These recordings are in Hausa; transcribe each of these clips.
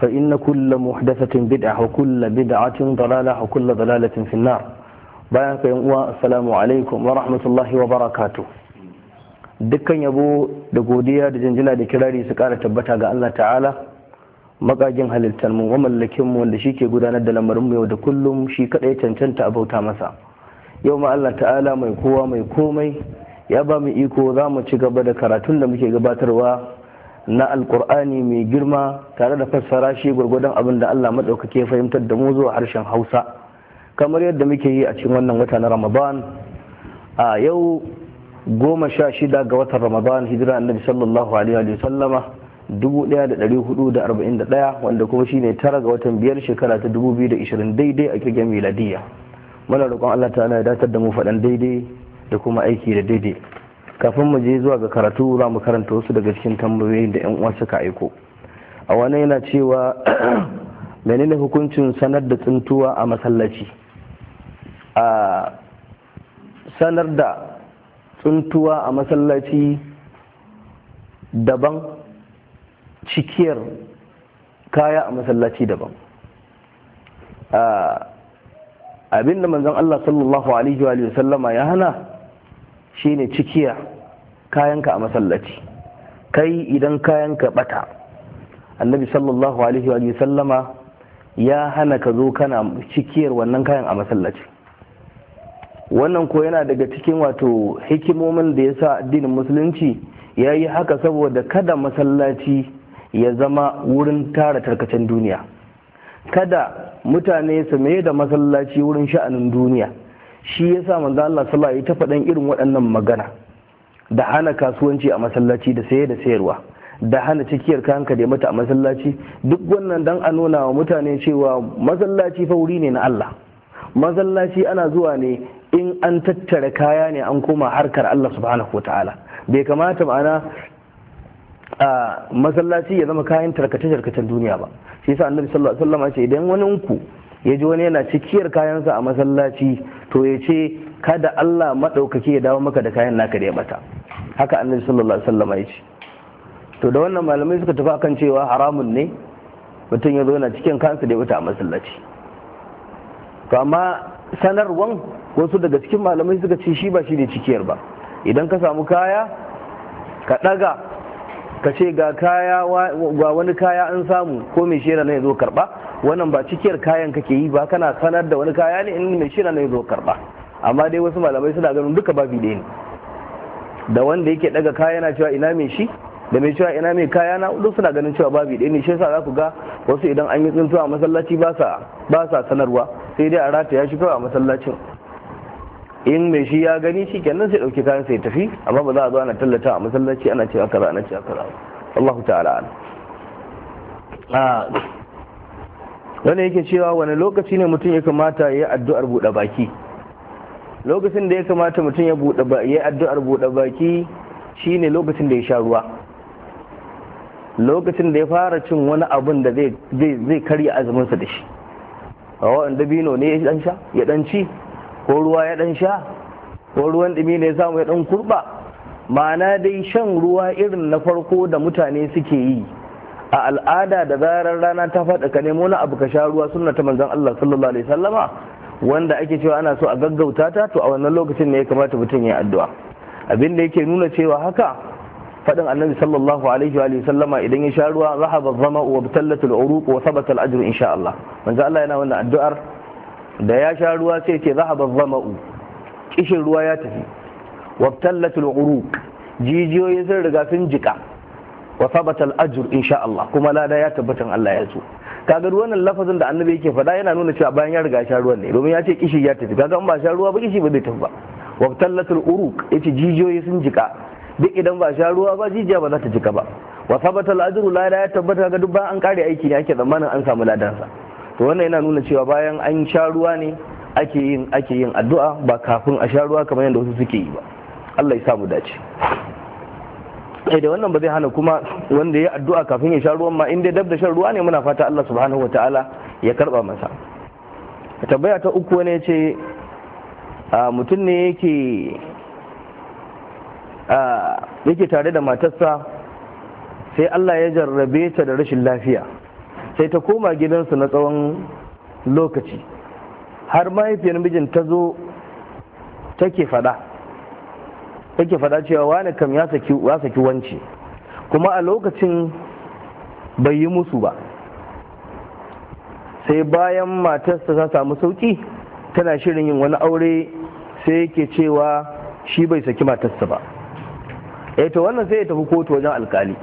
فإن كل محدثة بدعة وكل بدعة ضلالة وكل ضلالة في النار بيانك يا السلام عليكم ورحمة الله وبركاته dukkan yabo da godiya da jinjina da kirari su kara tabbata ga Allah ta'ala makagin halittar mu wa mallakin mu wanda shike gudanar da lamarin mu yau da kullum shi kadai cancanta abauta masa yau ma Allah ta'ala mai kowa mai komai ya ba mu iko za mu ci gaba da karatun da muke gabatarwa na alkur'ani mai girma tare da fassara shi gwargwadon abin da Allah maɗaukake fahimtar da mu zuwa harshen hausa kamar yadda muke yi a cikin wannan wata na ramadan a yau goma sha shida ga watan ramadan hijira annabi sallallahu alaihi wa sallama 1441 wanda kuma shine tara ga watan biyar shekara ta 2020 daidai a kirgen miladiyya muna roƙon Allah ta'ala ya datar da mu faɗan daidai da kuma aiki da daidai kafin mu je zuwa ga karatu za mu karanta wasu daga cikin tambayoyin da 'yan uwa suka aiko a wani yana cewa menene hukuncin sanar da tsintuwa a masallaci a sanar da tsintuwa a masallaci daban cikiyar kaya a masallaci daban abinda manzon Allah sallallahu alaihi wa sallama ya hana shine cikiya kayanka a masallaci kai idan kayanka bata annabi sallallahu alaihi wa sallama ya hana ka zo kana cikiyar wannan kayan a masallaci wannan ko yana daga cikin wato hikimomin da ya sa addinin musulunci ya yi haka saboda kada masallaci ya zama wurin tara tarkacen duniya kada mutane su mai da masallaci wurin sha'anin duniya shi ya sa manzo Allah sallallahu alaihi ta faɗan irin waɗannan magana da hana kasuwanci a masallaci da saye da sayarwa da hana cikiyar ka da mata a masallaci duk wannan dan a nuna wa mutane cewa masallaci fauri ne na Allah masallaci ana zuwa ne in an tattara kaya ne an koma harkar Allah subhanahu wataala bai kamata ma'ana a masallaci ya zama kayan tarkace tarkacen duniya ba shi yasa annabi sallallahu alaihi wasallam ya ce idan wani ku ya ji wani yana cikiyar kayansa a masallaci to ya ce kada Allah maɗaukaki ya dawo maka da kayan naka da ya bata haka annabi sallallahu alaihi wasallam ya ce to da wannan malamai suka tafi akan cewa haramun ne mutum ya zo yana cikin kansa da ya bata a masallaci to amma sanarwan wasu daga cikin malamai suka ce shi ba shi ne cikiyar ba idan ka samu kaya ka ɗaga ka ce ga wani kaya an samu ko mai shira ne zo karba wannan ba cikiyar kayan kake yi ba kana sanar da wani kaya ne in mai shira ne zo karba amma dai wasu malamai suna ganin duka babi ɗaya ne da wanda yake daga kaya na cewa ina mai shi da mai cewa ina mai kaya na duk suna ganin cewa babi ɗaya ne shi yasa za ku ga wasu idan an yi tsintuwa a masallaci ba sa sanarwa sai dai a rataya shi kawai a masallacin in mai shi ya gani shi kenan sai dauki kayan sai tafi amma ba za a zo ana tallata a masallaci ana cewa kaza ana cewa kaza Allahu ta'ala a wani yake cewa wani lokaci ne mutum ya kamata ya yi addu'ar buɗe baki lokacin da ya kamata mutum ya buɗe ya yi addu'ar buɗe baki shine lokacin da ya sha ruwa lokacin da ya fara cin wani abun da zai karya sa da shi a wa'anda bino ne ya dan sha ya dan ci ko ruwa ya dan sha ko ruwan dumi ne ya samu ya dan kurba ma'ana dai shan ruwa irin na farko da mutane suke yi a al'ada da zarar rana ta faɗa ka nemo na abu ka sha ruwa sunna ta manzon Allah sallallahu alaihi wasallama wanda ake cewa ana so a gaggauta ta to a wannan lokacin ne ya kamata mutum ya addu'a abin da yake nuna cewa haka faɗin annabi sallallahu alaihi wa sallama idan ya sha ruwa zahaba zama wa batallatul uruq wa sabata al ajr insha Allah manzo Allah yana wannan addu'ar da ya sha ruwa sai ce zahaba zama'u kishin ruwa ya tafi wabtallatul uruq jijiyoyin sun riga sun jika wa sabata al-ajr insha Allah kuma lada ya tabbatan Allah ya so kaga wannan lafazin da annabi yake faɗa yana nuna cewa bayan ya riga sha ruwan ne domin ya ce kishi ya tafi kaga in ba sha ruwa ba kishi ba zai tafi ba wabtallatul uruq yace jijiyoyi sun jika duk idan ba sha ruwa ba jijiya ba za ta jika ba wa sabata al-ajr lada ya tabbata ga duk bayan an kare aiki ne ake tsammanin an samu ladansa to wannan yana nuna cewa bayan an sha ruwa ne ake yin ake yin addu'a ba kafin a sha ruwa kamar yadda wasu suke yi ba Allah ya sa mu dace sai eh, da wannan ba zai hana kuma wanda ya addu'a kafin ya sha ruwan ma in dai dab da shan ruwa ne muna fata Allah subhanahu wataala ya karba masa tabbaya ta uku ne ce mutum ne yake yake tare da matarsa sai Allah ya jarrabe ta da rashin lafiya sai ta koma gidansu na tsawon lokaci har mahaifiyar mijin ta zo take fada take fada cewa wani kam ya saki wance kuma a lokacin bai yi musu ba sai bayan matarsa ta samu sauki tana shirin yin wani aure sai yake cewa shi bai saki matarsa ba eh to wannan sai ya tafi kotu wajen alkali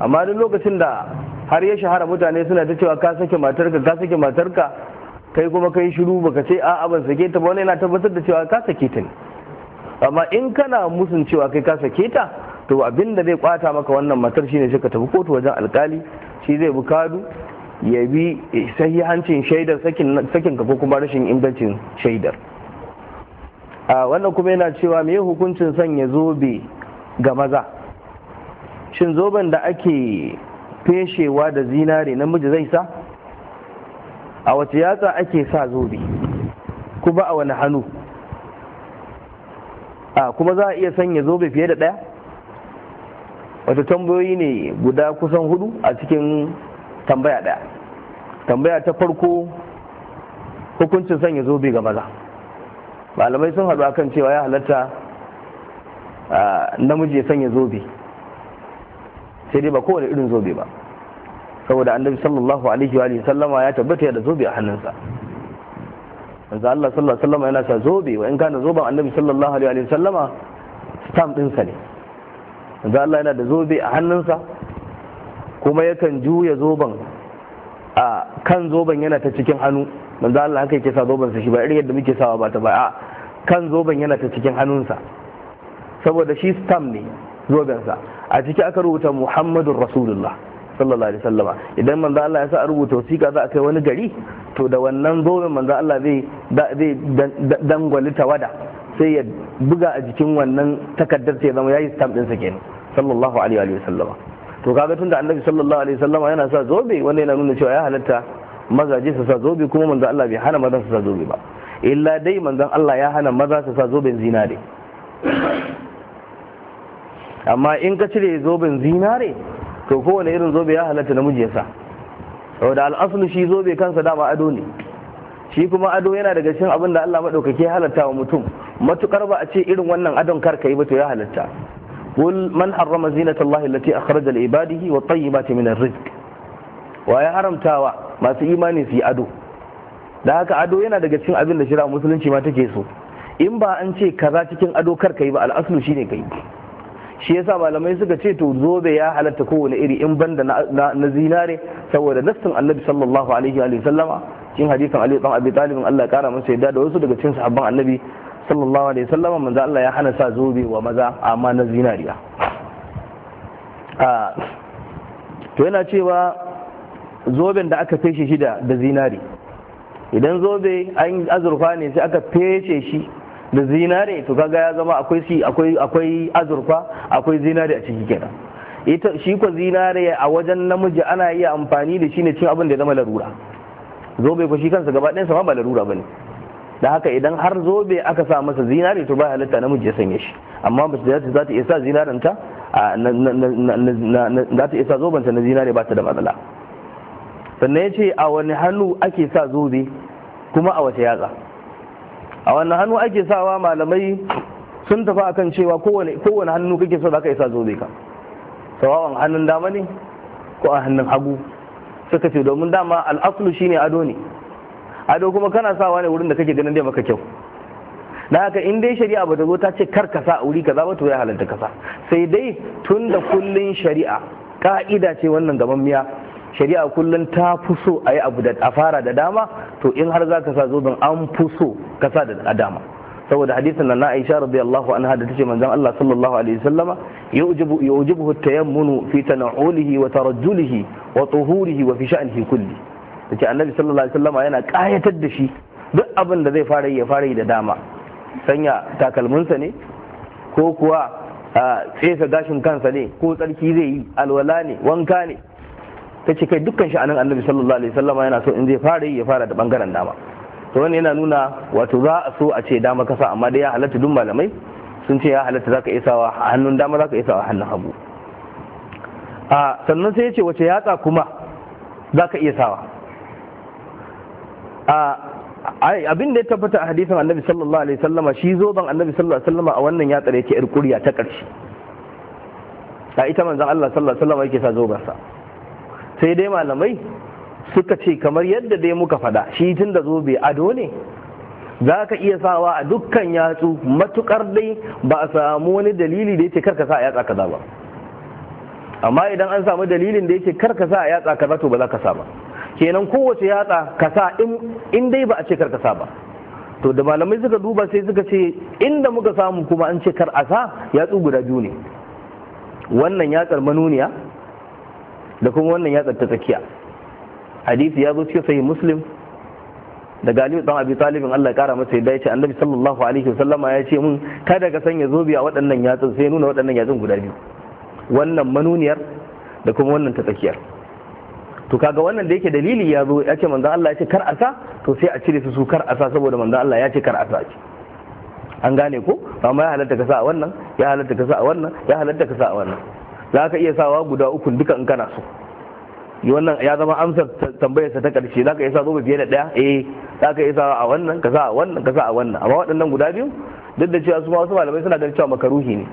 amma duk lokacin da har ya shahara mutane suna ta cewa ka sake matarka ka sake matarka kai kuma kai shiru baka ce a ban sake ta ba wani yana tabbatar da cewa ka sake ta ne amma in kana musun cewa kai ka sake ta to abin da zai kwata maka wannan matar shine shi ka tafi kotu wajen alkali shi zai bukadu ya bi sahihancin shaidar sakin ka ko kuma rashin ingancin shaidar a wannan kuma yana cewa me hukuncin sanya zobe ga maza shin zoben da ake feshewa da zinare namiji zai sa a wace yatsa ake sa zobe kuma a wani hannu a kuma za a iya sanya zobe fiye da ɗaya wata tambayoyi ne guda kusan hudu a cikin tambaya ɗaya tambaya ta farko hukuncin sanya zobe ga maza malamai sun haɗu akan cewa ya halatta namiji ya sanya zobe sai dai ba kowane irin zobe ba saboda annabi sallallahu alaihi wa sallama ya tabbata da zobe a hannunsa manzo Allah sallallahu alaihi wa sallama yana sa zobe wa in kana zoben annabi sallallahu alaihi wa sallama stamp din sa ne manzo Allah yana da zobe a hannunsa kuma yakan juya zoben a kan zoben yana ta cikin hannu manzo Allah haka yake sa zoben sa shi ba irin yadda muke sawa ba ta ba a kan zoben yana ta cikin hannunsa saboda shi stamp ne zobensa a ciki aka rubuta muhammadun rasulullah sallallahu alaihi wasallama idan manzo Allah ya sa a rubuta wasiƙa za a kai wani gari to da wannan zoben manzo Allah zai zai dangwali tawada sai ya buga a jikin wannan takaddar sai zama yayi stamp din sa kenan sallallahu alaihi wasallama to kaga tunda annabi sallallahu alaihi wasallama yana sa zobe wanda yana nuna cewa ya halatta mazaje su sa zobe kuma manzo Allah bai hana maza su sa zobe ba illa dai manzo Allah ya hana maza su sa zoben zinare amma in ka cire zoben zinare to kowane irin zobe ya halatta namiji ya sa saboda al'asulu shi zobe kansa dama ado ne shi kuma ado yana daga cikin abin da Allah madaukake halatta wa mutum matukar ba a ce irin wannan adon kar kai ba to ya halatta qul man harrama zinatallahi allati akhraja li ibadihi wa tayyibati min ar wa ya haramtawa masu imani su yi ado da haka ado yana daga cikin abin da shira musulunci ma take so in ba an ce kaza cikin ado kar kai ba al'asulu shine kai shi yasa malamai suka ce to zobe ya halatta kowane iri in banda na zinare saboda nassin annabi sallallahu alaihi wa sallama cikin hadisin ali dan abi talib Allah kara masa yadda da wasu daga cikin sahabban annabi sallallahu alaihi wa sallama manzo Allah ya hana sa zobe wa maza amma na zinariya to yana cewa zoben da aka feshe shi da zinari idan zobe an azurfa ne sai aka feshe shi da zinare to kaga ya zama akwai si akwai akwai azurfa akwai zinare a ciki kenan ita shi ko zinare a wajen namiji ana iya amfani da shi ne cin abin da ya zama larura zobe ko shi kansa gaba ɗayan sa ba larura bane da haka idan har zobe aka sa masa zinare to ba halitta namiji ya sanya shi amma ba su za ta isa zinaren ta za ta isa zobanta na zinare ba ta da matsala sannan ya ce a wani hannu ake sa zobe kuma a wace yatsa a wannan hannu ake sawa malamai sun tafi akan cewa kowane hannu kake so da aka isa zobe ka sawawan hannun dama ne ko a hannun hagu suka ce domin dama al'aslu shine ado ne ado kuma kana sawa ne wurin da kake ganin dai maka kyau da haka in dai shari'a ba ta zo ta ce kar ka sa a wuri kaza ba to ya halatta kasa sai dai tun da kullun shari'a ka'ida ce wannan gaban miya shari'a kullum ta fi so a yi abu da a fara da dama to in har za ka sa zoben an fi so ka sa da dama saboda hadisin na Aisha radiyallahu anha da ce manzon Allah sallallahu alaihi wasallama fi tana'ulihi wa tarajjulihi wa tuhurihi wa fi sha'nihi kulli annabi sallallahu alaihi yana kayatar da shi duk abin da zai fara yi ya fara yi da dama sanya takalminsa ne ko kuwa tsesa gashin kansa ne ko tsarki zai yi alwala ne wanka ne ta ce kai dukkan sha'anin annabi sallallahu alaihi wasallama yana so in zai fara yi ya fara da bangaren dama to wannan yana nuna wato za a so a ce dama kasa amma dai ya halatta duk malamai sun ce ya halatta zaka isawa a hannun dama zaka isawa a hannun hagu a sannan sai ya ce wace yatsa kuma zaka iya sawa a abin da ya tabbata a hadisin annabi sallallahu alaihi wasallama shi zoben annabi sallallahu alaihi wasallama a wannan ya yake irkuriya ta ƙarshe a ita manzon Allah sallallahu alaihi wasallama yake sa zoben sa sai dai malamai suka ce kamar yadda dai muka fada shi tun da zobe ado ne za ka iya sawa a dukkan yatsu matukar dai ba a samu wani dalili da yake karka sa a yatsa kaza ba amma idan an samu dalilin da yake karka sa a yatsa kaza to ba za ka sa ba kenan kowace yatsa ka sa in dai ba a ce karka sa ba to da malamai suka duba sai suka ce inda muka samu kuma an ce kar a sa yatsu guda biyu ne wannan yatsar manuniya da kuma wannan ya tsatta tsakiya hadisi ya zo cikin sai muslim daga galibu dan abi talibin Allah ya kara masa ya ce annabi sallallahu alaihi wasallama ya ce mun kada ka sanya zobe a waɗannan yatsun sai nuna waɗannan yatsun guda biyu wannan manuniyar da kuma wannan ta tsakiyar to kaga wannan da yake dalili ya zo ya ce manzon Allah ya ce kar a to sai a cire su su kar a saboda manzon Allah ya ce kar a sa an gane ko amma ya halatta ka sa a wannan ya halatta ka sa a wannan ya halatta ka sa a wannan za ka iya sawa guda uku duka in kana so wannan ya zama amsar tambayarsa ta karshe za ka iya sawa zobe da ɗaya eh za ka iya sawa a wannan ka sa a wannan ka sa a wannan amma waɗannan guda biyu duk da cewa su ma wasu malamai suna ganin cewa makaruhi ne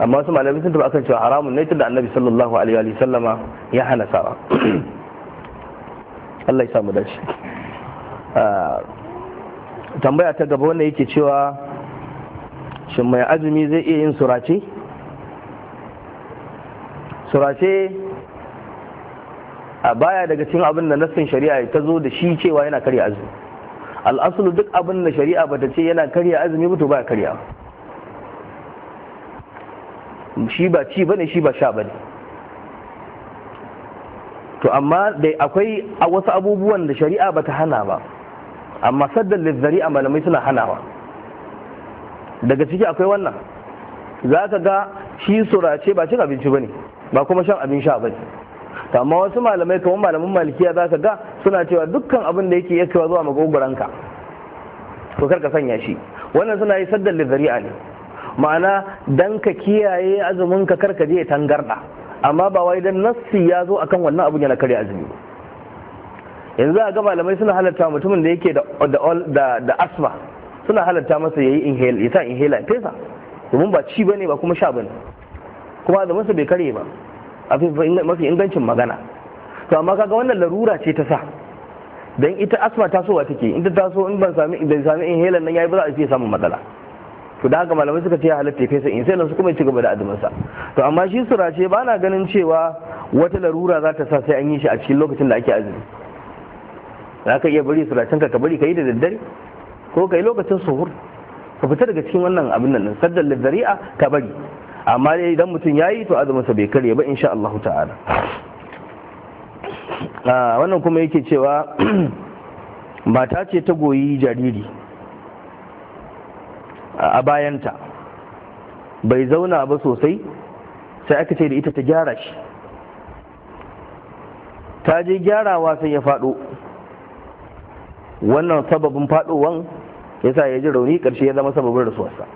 amma wasu malamai sun taɓa akan cewa haramun ne tunda annabi sallallahu alaihi wa sallama ya hana sawa Allah ya samu dace ah, tambaya ta gaba wannan yake cewa shin mai azumi zai iya yin surace surace a baya daga cikin abin da nassin shari'a ta zo da shi cewa yana karya azumi al'asulu duk abin da shari'a bata ce yana karya azumi ba to ba karya shi ba ci bane shi ba sha bane to amma dai akwai wasu abubuwan da shari'a bata hana ba amma saddan da a malamai suna hanawa daga ciki akwai wannan za ka ga shi surace ba cin abinci ba ne ba kuma shan abin sha ba to amma wasu malamai kamar malaman malikiya za ka ga suna cewa dukkan abin da yake yakewa zuwa makogoranka to kar ka sanya shi wannan suna yi saddan lizari'a ne ma'ana dan ka kiyaye azumin ka kar je tangarda amma ba wai dan nassi ya zo a kan wannan abin yana kare azumi yanzu a ga malamai suna halatta mutumin da yake da asma suna halatta masa yayi inhale ya sa inhaler fesa domin ba ci bane ba kuma sha bane kuma azumin bai kare ba a mafi ingancin magana to amma kaga wannan larura ce ta sa dan ita asma ta tasowa take in ta so in ban sami idan sami inhaler nan yayi ba za a iya samun matsala to da haka malamai suka ce ya halatta in inhaler su kuma ya ci gaba da azumin sa to amma shi surace ba na ganin cewa wata larura za ta sa sai an yi shi a cikin lokacin da ake azumi za ka iya bari suracen ka ka bari ka yi da daddare ko ka yi lokacin suhur ka fita daga cikin wannan abin nan saddar da zari'a ka bari amma dai idan mutum ya yi to azumin sa bai karye ba insha Allah ta'ala ah, wannan kuma yake cewa mata ce ta goyi jariri a bayanta bai zauna ba sosai sai aka ce da ita ta gyara shi ta je gyarawa sai ya faɗo wannan sababin faɗowan ya sa ya ji rauni ƙarshe ya zama sababin rasuwarsa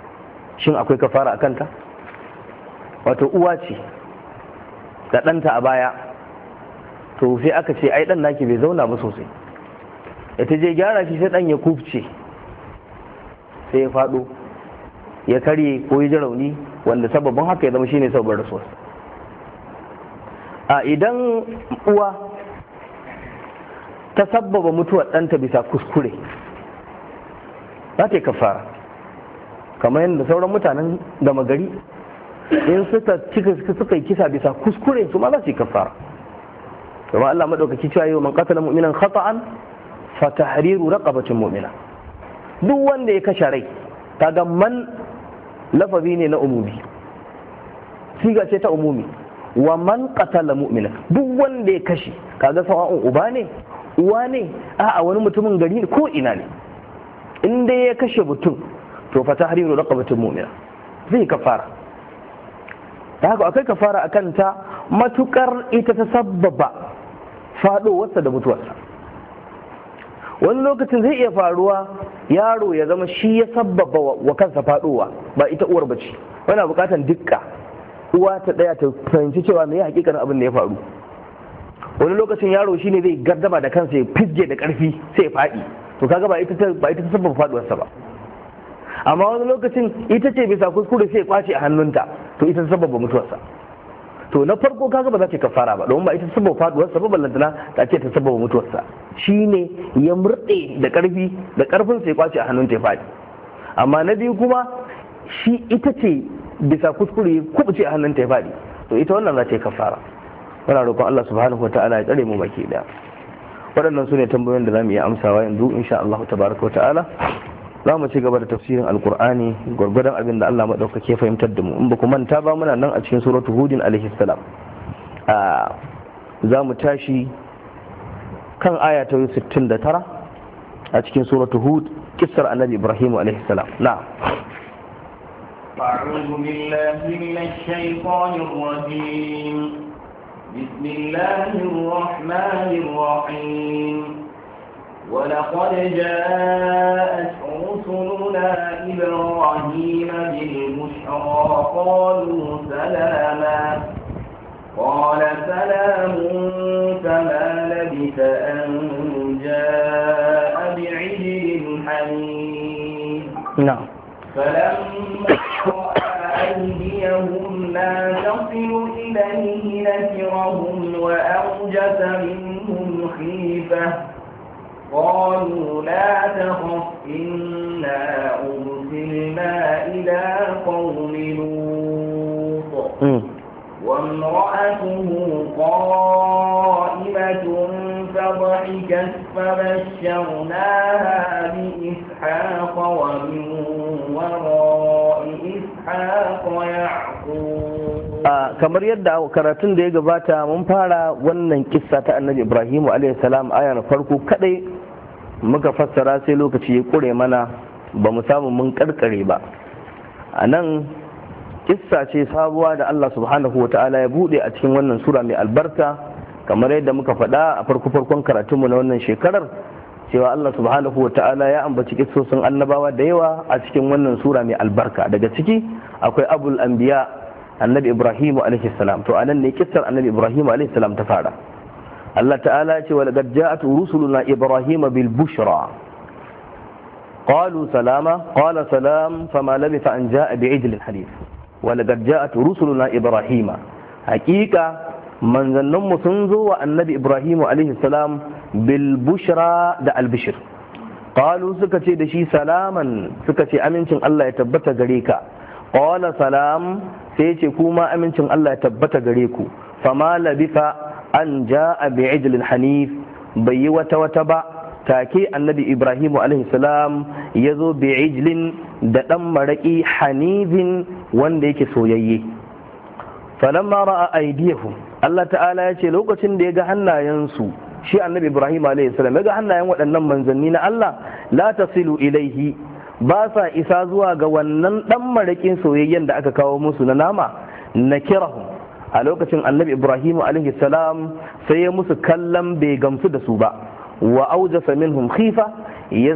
shin akwai kafara a kanta wato uwa ce da ɗanta a baya to sai aka ce ai ɗan naki bai zauna ba sosai da ta je gyara shi sai ɗan ya kufce sai ya faɗo ya karye ko ya ji rauni wanda sababin haka ya zama shine sababin rasuwa a idan uwa ta sababa mutuwar ɗanta bisa kuskure za ta yi kafara kamar yadda sauran mutanen gama gari in suka cika suka yi kisa bisa kuskure su ma za su yi kafara kuma Allah madaukaki cewa yau man qatala mu'minan khata'an fa tahriru raqabatin mu'mina duk wanda ya kashe rai kaga man lafazi ne na umumi siga ce ta umumi wa man qatala mu'mina duk wanda ya kashe kaga sawa'un uba ne uwa ne a'a wani mutumin gari ko ina ne in dai ya kashe mutum to fa tahriru raqabatin mu'mina zai kafara da haka akai kafara a ta matukar ita ta sabbaba faɗowarsa da mutuwarsa wani lokacin zai iya faruwa yaro ya zama shi ya sababa wa kansa faɗowa ba ita uwar ba ce wani buƙatar dukka uwa ta ɗaya ta fahimci cewa me hakikanin abin da ya faru wani lokacin yaro shi ne zai gardama da kansa ya fizge da ƙarfi sai ya faɗi to kaga ba ita ta sababa faɗuwarsa ba amma wani lokacin ita ce bisa kuskure sai kwace a hannunta to ita ta sababa mutuwarsa to na farko kaga ba za ta kafara ba domin ba ita sababa faduwar sa ba ta ce ta sababa mutuwarsa shine ya murde da karfi da karfin sai kwace a hannunta ya fadi amma na biyu kuma shi ita ce bisa kuskure kubuce a hannunta ya fadi to ita wannan za ta yi kafara muna roƙon Allah subhanahu wa ta'ala ya tsare mu baki daya waɗannan su tambayoyin da za mu iya amsawa yanzu insha Allah tabaraka wa za mu ci gaba da tafsirin alkur'ani gwargwadon abin da Allah maɗaukake fahimtar da mu in ba ku manta ba muna nan a cikin suratu hudin alaihi salam za mu tashi kan aya ta 69 a cikin suratu hud kissar annabi ibrahim alaihi salam na أعوذ بالله من الشيطان الرجيم بسم الله الرحمن الرحيم ولقد جاءت رسلنا إبراهيم بالبشرى قالوا سلاما قال سلام فما لبث أن جاء بعجل حميد نعم فلما أيديهم لا تصل إليه نكرهم وأوجس منهم خيفة قالوا لا تخف إنا أرسلنا إلى قوم لوط وامرأته قائمة فضحكت فبشرناها بإسحاق ومن وراء إسحاق يعقوب Uh, kamar yadda karatun da ya gabata mun fara wannan kissa ta annabi ibrahimu a.s. aya na farko kadai muka fassara sai lokaci ya kure mana ba mu samu mun karkare ba a nan kissa ce sabuwa da Allah subhanahu wata'ala ya bude a cikin wannan sura mai albarka kamar yadda muka faɗa a farko farkon karatunmu na wannan shekarar cewa Allah subhanahu ta'ala ya ambaci kissosin annabawa da yawa a cikin wannan sura mai albarka daga ciki akwai abul anbiya annabi ibrahim alaihi salam to anan ne kissar annabi ibrahim alaihi salam ta fara Allah ta'ala ce wa laqad ja'at rusuluna ibrahim bil bushra qalu salama qala salam fama labitha an ja'a bi ijl al hadith wa laqad ja'at rusuluna ibrahim haqiqa manzannun sun zo wa annabi ibrahim alayhi salam bil da Albishir. bishr qalu suka ce da salaman suka ce amincin Allah ya tabbata gare ka qala sai ce kuma amincin Allah ya tabbata gare ku fama labitha an ja bi ijlin hanif bai yi wata wata ba take annabi ibrahim salam ya zo bi da ɗan maraƙi hanifin wanda yake soyayye falamma a aidiyahu Allah ta'ala ya ce lokacin da ya ga hannayensu shi annabi ibrahim salam ya ga hannayen waɗannan manzanni na Allah la silu ilaihi ba sa isa zuwa ga wannan ɗan maraƙin soyayyen da aka kawo musu na nama na kirahum a lokacin annabi ibrahim alaihi salam sai ya musu kallon bai gamsu da su ba wa auja minhum khifa ya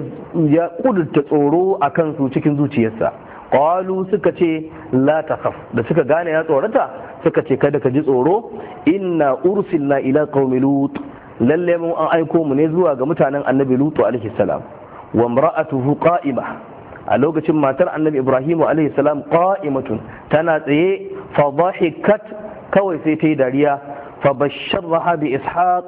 kudurta tsoro a kansu cikin zuciyarsa ƙwalu suka ce la takhaf da suka gane ya tsorata suka ce kada ka ji tsoro inna ursilna ila qaumi lut lalle mun an aiko mu ne zuwa ga mutanen annabi lutu alaihi salam wa imra'atuhu qa'imah a lokacin matar annabi ibrahimu alaihi salam qa'imatun tana tsaye fa dhahikat kawai sai ta yi dariya fa raha bi ishaq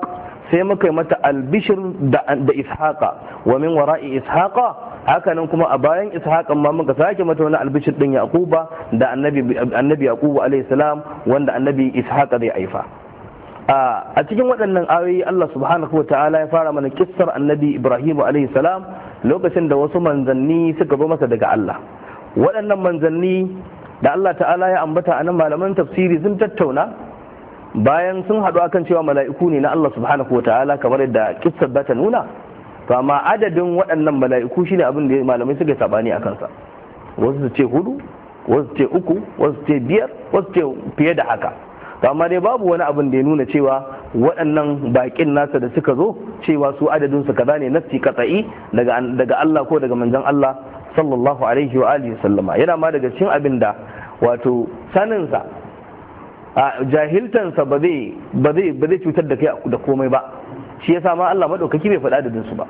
sai muka yi mata albishir da ishaqa wa min wara'i ishaqa hakanan kuma a bayan ishaqan ma muka sake mata wani albishir din yaquba da annabi annabi yaquba alayhi salam wanda annabi ishaqa zai aifa a cikin waɗannan ayoyi Allah subhanahu ta'ala ya fara mana kissar annabi Ibrahim alayhi salam lokacin da wasu manzanni suka zo masa daga Allah waɗannan manzanni da Allah ta'ala ya ambata a nan malaman tafsiri sun tattauna bayan sun haɗu akan cewa mala'iku ne na Allah subhanahu ta'ala kamar yadda kissar ba ta nuna to amma adadin waɗannan mala'iku shine abin da malamai suka sabani a kansa wasu su ce hudu wasu ce uku wasu ce biyar wasu ce fiye da haka to amma dai babu wani abin da ya nuna cewa waɗannan baƙin nasa da suka zo cewa su adadin su kaza ne nafsi katsa'i daga Allah ko daga manzon Allah sallallahu alaihi wa alihi sallama yana ma daga cikin abin da wato saninsa a jahiltansa ba zai ba zai cutar da kai da komai ba shi yasa ma Allah madaukaki bai faɗa adadin su ba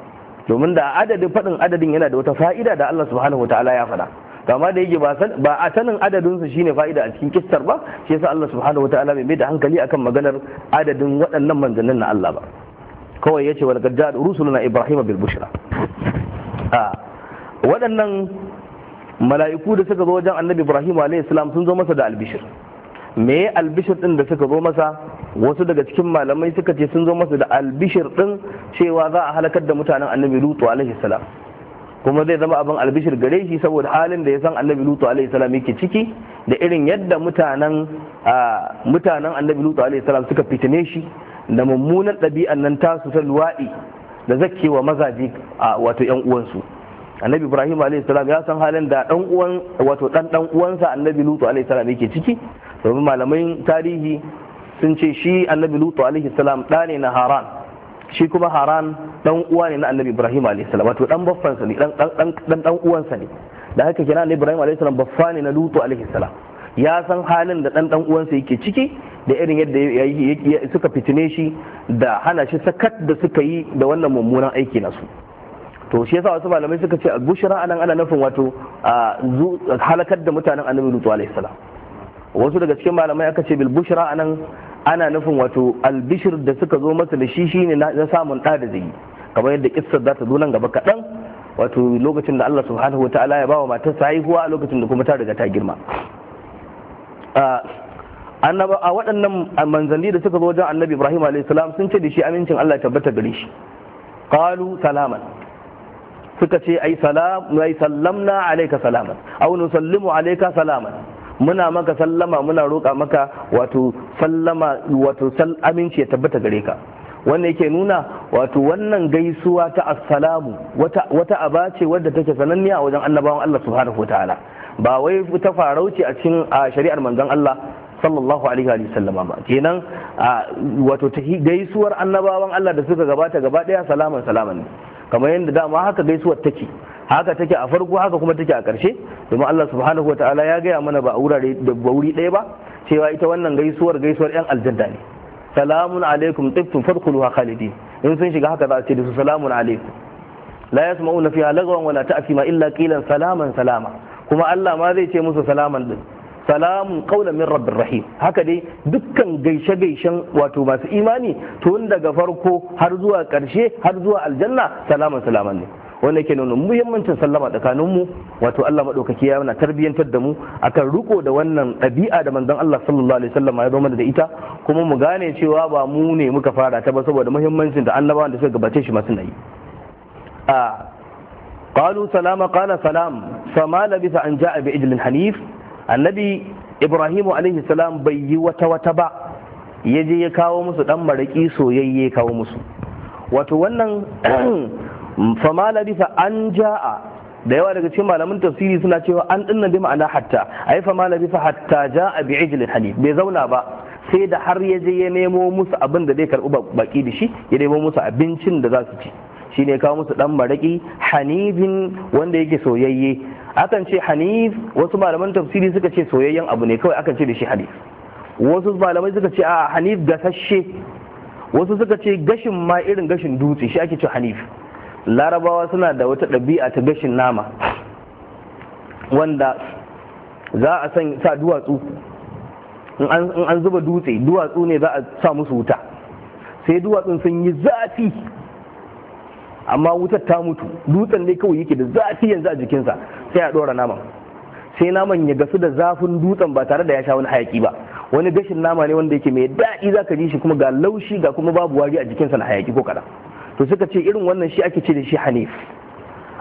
domin da adadin faɗin adadin yana da wata fa'ida da Allah subhanahu wataala ya faɗa kama da yake ba a sanin adadin su shine fa'ida a cikin kistar ba shi yasa Allah subhanahu wataala bai mai da hankali akan maganar adadin waɗannan manzannin na Allah ba kawai yace wal qad rusuluna ibrahima bil bushra ah. waɗannan mala'iku da suka zo wajen annabi ibrahim salam sun zo masa da albishir me albishir ɗin da suka zo masa wasu daga cikin malamai suka ce sun zo masa da albishir ɗin cewa za a halakar da mutanen annabi lutu salam kuma zai zama abin albishir gare shi saboda halin da ya san annabi lutu alaihi salam yake ciki da irin yadda mutanen annabi lutu salam suka fitine shi da mummunan ɗabi'an nan tasu ta luwaɗi da zakewa mazaje wato 'yan uwansu annabi ibrahim alayhi ya san halin da dan uwan wato dan dan uwansa annabi lutu alayhi yake ciki domin malamai tarihi sun ce shi annabi lutu alayhi ɗa da ne na haran shi kuma haran dan uwa ne na annabi ibrahim alayhi wato dan baffansa ne dan dan dan uwansa ne da haka kira annabi ibrahim alayhi baffa ne na lutu alayhi ya san halin da dan dan uwansa yake ciki da irin yadda suka fitine shi da hana shi sakat da suka yi da wannan mummunan aiki nasu to shi yasa wasu malamai suka ce bushra anan ana nufin wato halakar da mutanen annabi lutu alaihi salam wasu daga cikin malamai aka ce bil bushra anan ana nufin wato albishir da suka zo masa da shi shine na samun da da zai kamar yadda kissar za ta zo nan gaba kaɗan wato lokacin da Allah subhanahu wa ta'ala ya bawa matarsa haihuwa a lokacin da kuma ta riga ta girma annaba a waɗannan manzanni da suka zo wajen annabi ibrahim alayhi salam sun ce da shi amincin Allah tabbata gare shi qalu salaman suka ce ai salam ai sallamna alayka salaman aw nusallimu alayka salaman muna maka sallama muna roƙa maka wato sallama wato sal aminci ya tabbata gare ka wannan yake nuna wato wannan gaisuwa ta assalamu wata wata aba ce wadda take sananniya a wajen annabawan Allah subhanahu wataala ba wai ta farauci a cikin shari'ar manzon Allah sallallahu alaihi wa sallama ba kenan wato gaisuwar annabawan Allah da suka gabata gaba daya salaman salaman ne kamar yadda dama haka gaisuwar take haka take a farko haka kuma take a ƙarshe domin Allah subhanahu wa ta'ala ya gaya mana ba a wurare da wuri ɗaya ba cewa ita wannan gaisuwar gaisuwar yan aljanna ne salamun alaikum farkulu ha khalidin in sun shiga haka za su ce da su salamun alaikum la yasma'una fiha lagwan wala ta'sima illa qilan salaman salama kuma Allah ma zai ce musu salaman din salamun qaulan min rabbin rahim haka dai dukkan gaishe gaishen wato masu imani tun daga farko har zuwa karshe har zuwa aljanna salaman salaman ne wanda yake nuna muhimmancin sallama tsakanin mu wato Allah madaukaki ya yana tarbiyantar da mu akan riko da wannan ɗabi'a da manzon Allah sallallahu alaihi wasallam ya zama da ita kuma mu gane cewa ba mu ne muka fara ta ba saboda muhimmancin da annabawan da suka gabace shi masu nayi a qalu salama qala salam fama labisa an ja'a bi ijlin hanif annabi ibrahimu alaihi salam bai yi wata wata ba ya je ya kawo musu dan maraki soyayye kawo musu wato wannan fama fa an ja'a da yawa daga cikin malamin tafsiri suna cewa an dinna bi ma'ana hatta ai fama fa hatta ja'a bi ijlin halib bai zauna ba sai da har ya je ya nemo musu abin da zai karbi baki da shi ya nemo musu abincin da za su ci shine kawo musu dan maraki hanibin wanda yake soyayye akan ce hanif wasu malaman tafsiri suka ce soyayyen abu ne kawai akan ce da shi hanif wasu malamai suka ce a hanif gasashe wasu suka ce gashin ma irin gashin dutse shi ake ce hanif larabawa suna da wata ɗabi'a ta gashin nama wanda za a san sa duwatsu in an zuba dutse duwatsu ne za a sa musu wuta sai duwatsun sun yi zafi amma wutar ta mutu dutsen ne kawai yake da zafi yanzu a jikinsa sai a ɗora naman sai naman ya gasu da zafin dutsen ba tare da ya sha wani hayaki ba wani gashin nama ne wanda yake mai daɗi za ka ji shi kuma ga laushi ga kuma babu wari a jikinsa na hayaki ko kaɗan to suka ce irin wannan shi ake ce da shi hanif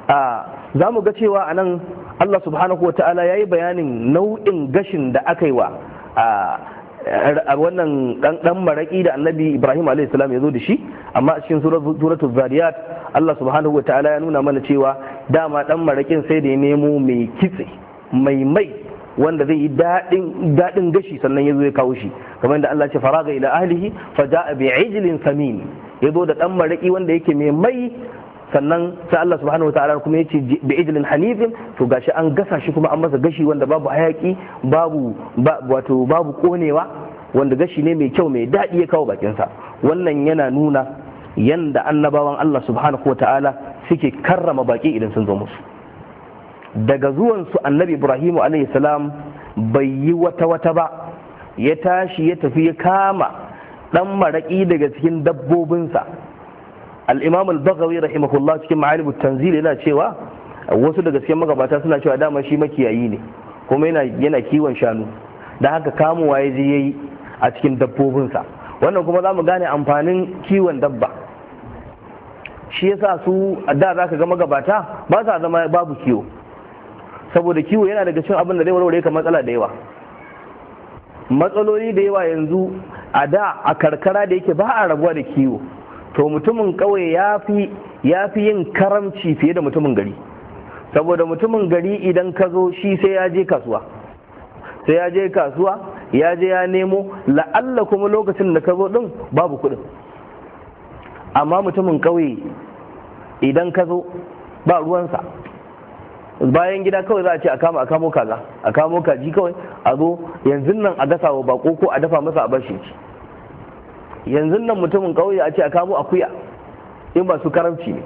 a za mu ga cewa a nan allah subhanahu wa ta'ala ya yi bayanin nau'in gashin da aka yi wa wannan dan maraki da annabi ibrahim alayhi salam ya zo da shi amma a cikin suratul zariyat allah subhanahu wataala ya nuna mana cewa dama dan marakin sai da ya nemo mai kitse mai mai wanda zai yi daɗin gashi sannan ya zo ya kawo shi kamar da allah ce faraga ila ahlihi fa ja'a bi ijlin samin ya zo da dan maraki wanda yake mai mai sannan sai Allah subhanahu wataala kuma yace bi ijlin hanifin to gashi an gasa shi kuma an masa gashi wanda babu hayaki babu wato babu konewa wanda gashi ne mai kyau mai daɗi ya kawo bakinsa wannan yana nuna yanda annabawan Allah subhanahu wataala suke karrama baki idan sun zo musu daga zuwan su annabi ibrahimu alayhi salam bai yi wata wata ba ya tashi ya tafi ya kama dan maraƙi daga cikin dabbobinsa al al-baghawi rahimahullah cikin ma'alibu tanzil yana cewa wasu daga cikin magabata suna cewa dama shi makiyayi ne kuma yana kiwon shanu da haka kamuwa ya je yayi a cikin dabbobinsa wannan kuma za mu gane amfanin kiwon dabba shi yasa su da za ka ga magabata ba sa zama babu kiwo saboda kiwo yana daga cin abin da zai warware ka matsala da yawa matsaloli da yawa yanzu a da a karkara da yake ba a rabuwa da kiwo to mutumin kawai ya fi yin karamci fiye da mutumin gari saboda mutumin gari idan ka zo shi sai ya je kasuwa sai ya je kasuwa ya je ya nemo la'alla kuma lokacin da ka zo din babu kuɗin amma mutumin kawai idan ka zo ba ruwansa bayan gida kawai za a ce a kama a kamo kaza a kamo kaji kawai a zo yanzu nan a gasa wa bako ko a dafa masa a bashi yanzu nan mutumin kauye a ce a kamo akuya in ba su karamci ne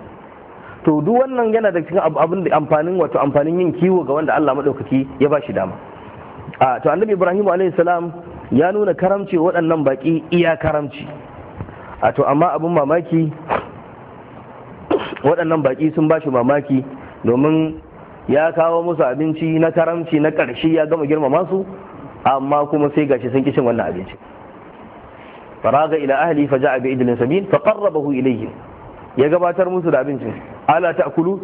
to duk wannan yana da cikin abin da amfanin wato amfanin yin kiwo ga wanda Allah madaukaki ya ba shi dama a to annabi Ibrahim alayhi salam ya nuna karamci waɗannan baki iya karamci a to amma abin mamaki waɗannan baki sun ba shi mamaki domin ya kawo musu abinci na karamci na ƙarshe ya gama girmama su amma kuma sai gashi sun kishin wannan abinci فراغ الى ahli fa ja'a bi فقربه sabil يا غباتر موسى ya gabatar musu da abincin ala akulu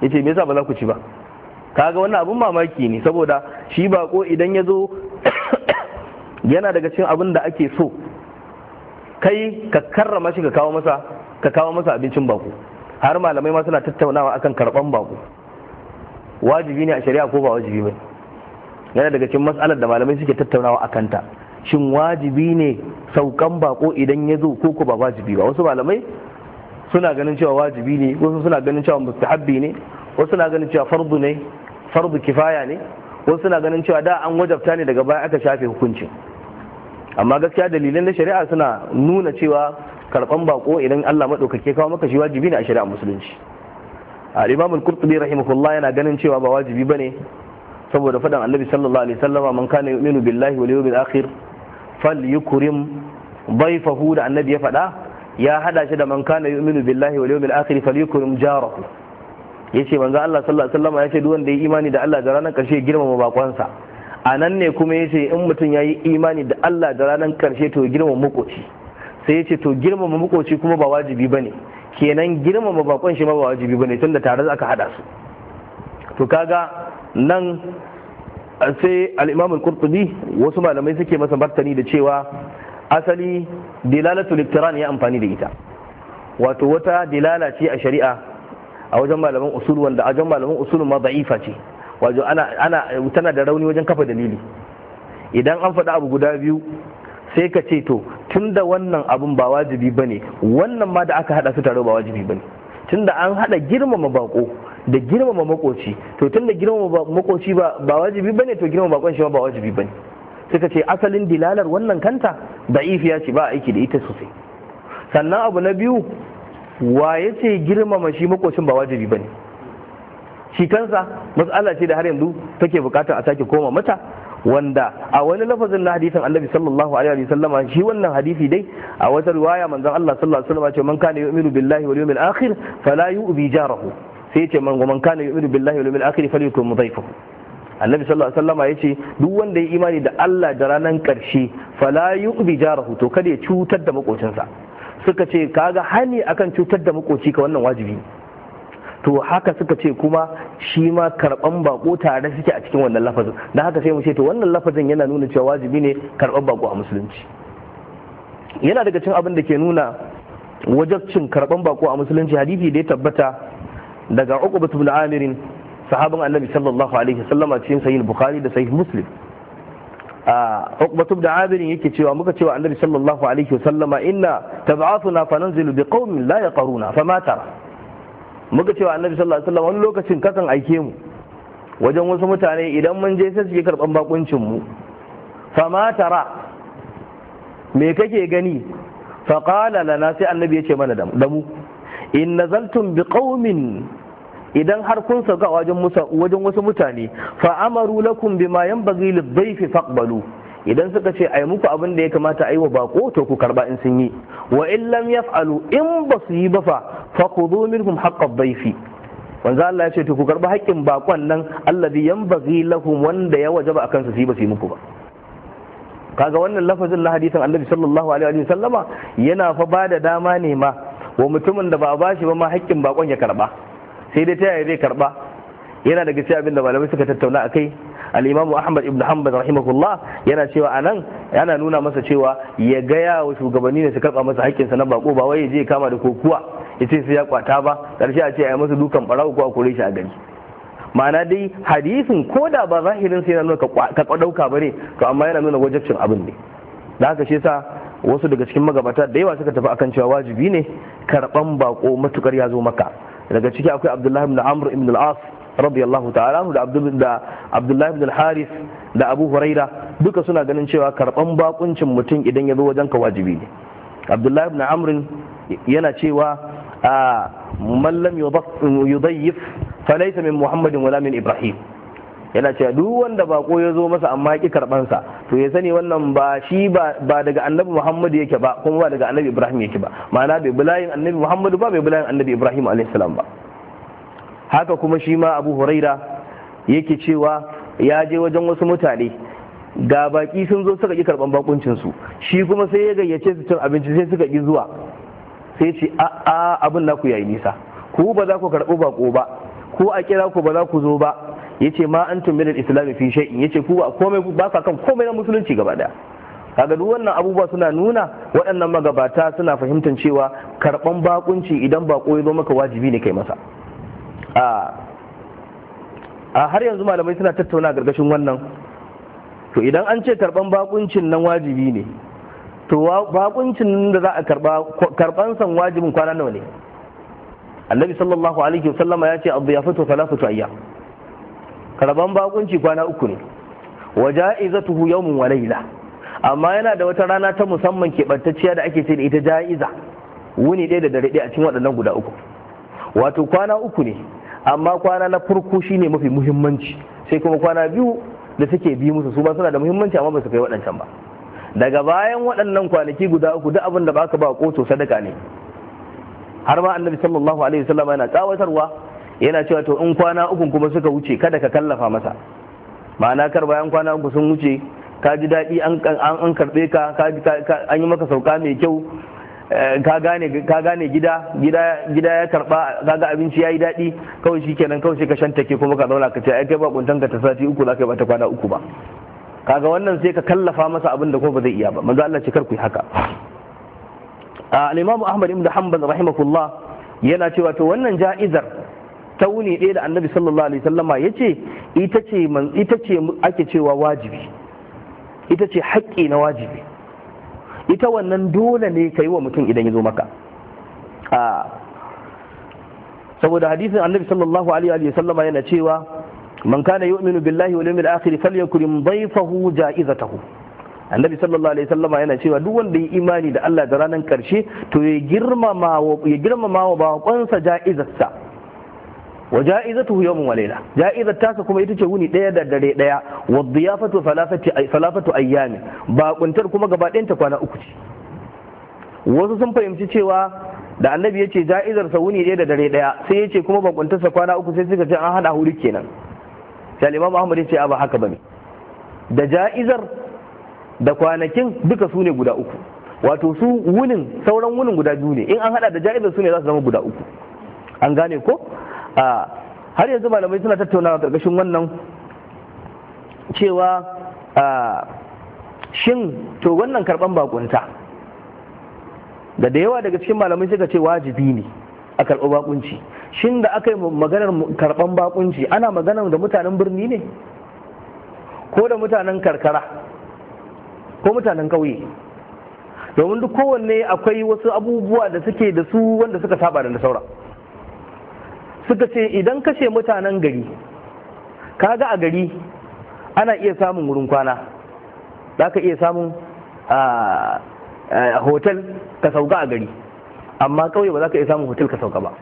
yace me yasa ba ku ci ba kaga wannan abun mamaki ne saboda shi bako idan ya zo yana daga cikin abin da ake so kai ka karrama shi ka kawo masa ka kawo masa abincin bako har malamai ma suna tattaunawa akan karban bako wajibi ne a shari'a ko ba wajibi ba yana daga cikin mas'alar da malamai suke tattaunawa akan ta shin wajibi ne saukan bako idan ya zo ko ko ba wajibi ba wasu malamai suna ganin cewa wajibi ne wasu suna ganin cewa mustahabbi ne wasu suna ganin cewa fardu ne fardu kifaya ne wasu suna ganin cewa da an wajabta ne daga baya aka shafe hukuncin amma gaskiya dalilan na shari'a suna nuna cewa karban bako idan Allah madaukake kawo maka shi wajibi ne a shari'a musulunci al-imam al-qurtubi rahimahullah yana ganin cewa ba wajibi bane saboda fadan annabi sallallahu alaihi wasallam man kana yu'minu billahi wal yawmil akhir fal bai fahu da annabi ya faɗa ya hada shi da man kana yu'minu billahi wal yawmil akhir fal yukurim jarahu yace manzo Allah sallallahu alaihi wasallam ya ce duk wanda yayi imani da Allah da ranar karshe girmama bakonsa a nan ne kuma yace in mutum ya yi imani da Allah da ranar karshe to girmama makoci sai yace to girmama makoci kuma ba wajibi bane kenan girmama bakon shi ma ba wajibi bane tunda tare za ka hada su to kaga nan sai al-imam wasu malamai suke masa martani da cewa asali dilalatul iktiran ya amfani da ita wato wata dilala ce a shari'a a wajen malaman usul wanda a wajen malaman usul ma da'ifa ce wajen ana tana da rauni wajen kafa dalili idan an faɗi abu guda biyu sai ka ce to tun da wannan abun ba wajibi bane wannan ma da aka haɗa su tare ba wajibi bane tun da an haɗa girmama bako da girmama makoci to tun da girmama makoci ba wajibi bane to girmama bakon shi ba wajibi bane suka ce asalin dilalar wannan kanta da ifiya ce ba aiki da ita sosai sannan abu na biyu wa ya ce girmama shi makocin ba wajibi bane shi kansa mas'ala ce da har yanzu take bukatar a sake koma mata wanda a wani lafazin na hadisin annabi sallallahu alaihi wa sallama shi wannan hadisi dai a wata riwaya manzon Allah sallallahu alaihi wa sallama ce man kana yu'minu billahi wal yawmil akhir fala yu'bi jarahu sai ce man man kana yu'minu billahi wal yawmil akhir falyukum mudayfahu annabi sallallahu alaihi ya yace duk wanda ya imani da Allah da ranan karshe fala yuqbi jarahu to kada ya cutar da makocinsa suka ce kaga hani akan cutar da makoci ka wannan wajibi to haka suka ce kuma shi ma karban bako tare suke a cikin wannan lafazin dan haka sai mu ce to wannan lafazin yana nuna cewa wajibi ne karban bako a musulunci yana daga cin abin da ke nuna wajabcin karban bako a musulunci hadisi da ya tabbata daga uqbatu bin amir sahabin annabi sallallahu alaihi wasallama cikin sahih bukhari da sahih muslim a uqbatu bin amir yake cewa muka cewa annabi sallallahu alaihi wasallama inna tab'athuna fa nanzilu bi qaumin la yaqaruna fa ma muka cewa annabi sallallahu alaihi wasallama wani lokacin kakan aike mu wajen wasu mutane idan mun je sai suke karban bakuncin mu fa ma tara me kake gani faƙala lana sai annabi ya ce mana da mu in nazaltum bi qaumin idan har kun sauka wajen wajen wasu mutane fa amaru lakum bima yanbaghi lidhayfi faqbalu idan suka ce ai muku abin da ya kamata ai wa bako to ku karba in sun yi wa in lam yaf'alu in ba su yi ba fa fakhudhu minhum haqqa dhayfi wanzu Allah ya ce to ku karba haƙƙin bakon nan allazi yanbaghi lahum wanda ya wajaba akan su su yi ba su yi muku ba kaga wannan lafazin na hadisin annabi sallallahu alaihi wa sallama yana fa bada dama ne ma wa mutumin da ba a bashi ba ma haƙƙin bakon ya karba sai dai ta yaya zai karba yana daga cikin abin da malamai suka tattauna akai al-imamu ahmad ibn hanbal rahimahullah yana cewa anan yana nuna masa cewa ya gaya wa shugabanni ne su karba masa sa na bako ba wai ya je kama da kokuwa ya ce sai ya kwata ba karshe a ce a masa dukan barawo ko a kore shi a gari ma'ana dai hadisin ko da ba zahirin sai yana nuna ka dauka bane to amma yana nuna wajibcin abin ne da haka shi yasa wasu daga cikin magabata da yawa suka tafi akan cewa wajibi ne karban bako matukar ya zo maka daga ciki akwai abdullahi ibn amr ibn al-as radiyallahu ta'ala da abdullahi ibn al-haris da abu huraira duka suna ganin cewa karban bakuncin mutum idan ya zo wajen ka wajibi ne abdullahi ibn amr yana cewa ah, man lam yudayyif falaysa min muhammadin wala min ibrahim yana cewa duk wanda bako ya zo masa amma ki karbansa to ya sani wannan ba shi ba daga annabi muhammadu yake ba kuma ba daga annabi ibrahim yake ba ma'ana bai bulayin annabi muhammadu ba bai bulayin annabi ibrahim alaihissalam ba haka kuma shi ma abu huraira yake cewa ya je wajen wasu mutane ga baki sun zo suka ki karban bakuncin su shi kuma sai ya gayyace su cin abinci sai suka ki zuwa sai ce a'a abin naku yi nisa ku ba za ku karɓi bako ba ko a kira ku ba za ku zo ba yace ma antum min al-islam fi shay'in yace ku ba komai ba ka kan komai na musulunci gaba daya kaga duk wannan abubuwa suna nuna waɗannan magabata suna fahimtar cewa karɓan bakunci idan bako ya zo maka wajibi ne kai masa a har yanzu malamai suna tattauna gargashin wannan to idan an ce karban bakuncin nan wajibi ne to bakuncin da za a karba karban san wajibin kwana nawa ne annabi sallallahu alaihi wasallama ya ce abu ya fito salatu ayyam karban bakunci kwana uku ne wa ja'izatuhu yawmun wa layla amma yana da wata rana ta musamman keɓantacciya da ake ce da ita ja'iza wuni ɗaya da dare ɗaya a cikin waɗannan guda uku wato kwana uku ne amma kwana na farko shine mafi muhimmanci sai kuma kwana biyu da suke bi musu su ba suna da muhimmanci amma ba su kai waɗancan ba daga bayan waɗannan kwanaki guda uku duk abin da baka ba to sadaka ne har ma annabi sallallahu alaihi wasallam yana tsawatarwa yana cewa to in kwana uku kuma suka wuce kada ka kallafa masa ma'ana kar bayan kwana uku sun wuce ka ji daɗi an karɓe ka an yi maka sauka mai kyau eh, ka gane gida gida ya karba kaga abinci yayi daɗi kawai shi kenan kawai sai ka shantake kuma ka zauna ka ce ai kai ba kuntan ka ta sati uku za ka ba ta kwana uku ba kaga wannan sai ka kallafa masa abin da ko ba zai iya ba manzo Allah ce kar ku yi haka ah, al-Imam Ahmad ibn Hanbal rahimahullah yana cewa to wannan ja'izar ta wuni ɗaya da annabi sallallahu alaihi sallama ya ce ita ce ake cewa wajibi ita ce haƙƙi na wajibi ita wannan dole ne ka yi wa mutum idan ya zo maka saboda hadisin annabi sallallahu alaihi wa sallama yana cewa man kana yu'minu billahi wal yawmil akhir falyakrim jaiza ja'izatahu annabi sallallahu alaihi sallama yana cewa duk wanda ya imani da Allah da ranar karshe to ya girmama ya girmama wa bakonsa ja'izarsa wa ja'izatuhu yawmun wa layla ja'izat tasa kuma ita ce wuni daya da dare daya wa dhiyafatu falafatu ayyami ba kuntar kuma gaba ɗayan ta kwana uku ce wasu sun fahimci cewa da annabi ya ce ja'izar sa wuni daya da dare daya sai ya ce kuma ba sa kwana uku sai suka ce an hada huri kenan sai imamu ahmad ya ce a ba haka bane da ja'izar da kwanakin duka su ne guda uku wato su wunin sauran wunin guda biyu ne in an hada da ja'izar su ne za su zama guda uku an gane ko a har yanzu malamai suna tattaunawa karkashin wannan cewa a shin to wannan karban bakunta da da yawa daga cikin malamai suka ce wajibi ne a karɓi bakunci shin da aka yi maganar karɓan bakunci ana maganar da mutanen birni ne ko da mutanen karkara ko mutanen ƙauye domin duk kowanne akwai wasu abubuwa da suke da su wanda suka saba da na sauran suka ce idan kashe mutanen gari kaga a gari ana iya samun wurin kwana za ka iya samun hotel ka sauka a gari amma kauye ba za ka iya samun hotel ka sauka ba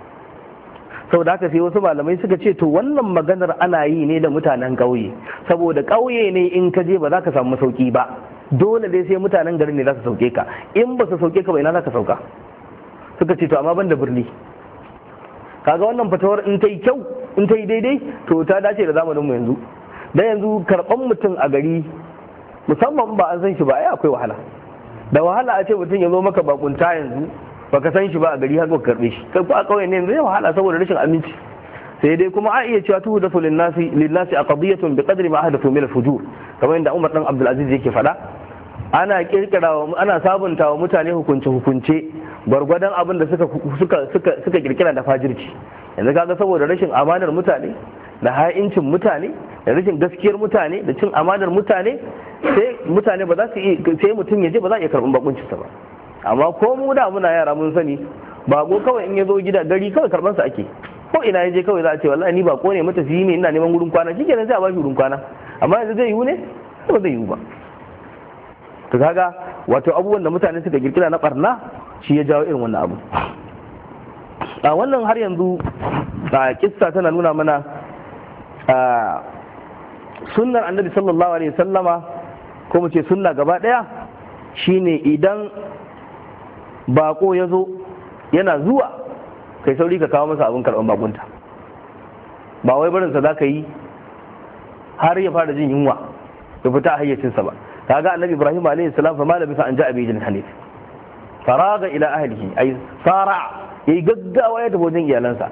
sau da aka sai wasu malamai suka ce to wannan maganar ana yi ne da mutanen ƙauye saboda ƙauye ne in ka je ba za ka samu sauki ba dole dai sai mutanen garin ne za su sauke ka in ba su sauke ka ba ina za ka sauka suka ce to amma ban da birni kaga wannan fatawar in ta yi kyau in ta yi daidai to ta dace da zamanin mu yanzu dan yanzu karban mutum a gari musamman ba an san shi ba ai akwai wahala da wahala a ce mutum ya zo maka bakunta yanzu baka san shi ba a gari har ka karbe shi kai ko a kauye ne yanzu ya wahala saboda rashin aminci sai dai kuma a iya cewa tuhu da nasi linnasi nasi a qadiyatun bi qadri ma hadathu min al-fujur kamar inda Umar dan Abdul Aziz yake faɗa ana kirkirawa ana sabunta mutane hukunce hukunce gwargwadon abin da suka kirkira da fajirci yanzu kaga saboda rashin amanar mutane da ha'incin mutane da rashin gaskiyar mutane da cin amanar mutane sai mutane ba za su yi sai mutum ya je ba za a iya karɓar sa ba amma ko mu da muna yara mun sani bako kawai in ya zo gida gari kawai karɓar sa ake ko ina ya je kawai za a ce wallahi ni bako ne matafiyi ne ina neman gurin kwana shikenan sai a ba shi gurin kwana amma yanzu zai yiwu ne ba zai yiwu ba to kaga wato abubuwan da mutane suka kirkira na barna shi ya jawo irin wannan abu a wannan har yanzu a kissa tana nuna mana a sunnar annabi sallallahu alaihi sallama ko mu ce sunna gaba daya shine idan bako ya zo yana zuwa kai sauri ka kawo masa abin karɓar bakunta ba wai barinsa za ka yi har ya fara jin yunwa ya fita hayyacinsa ba kaga annabi ibrahim alaihi salam fa malami fa an ja abijin hanif faraga ila ahlihi ai sara yayi gaggawa ya tafi wajen iyalansa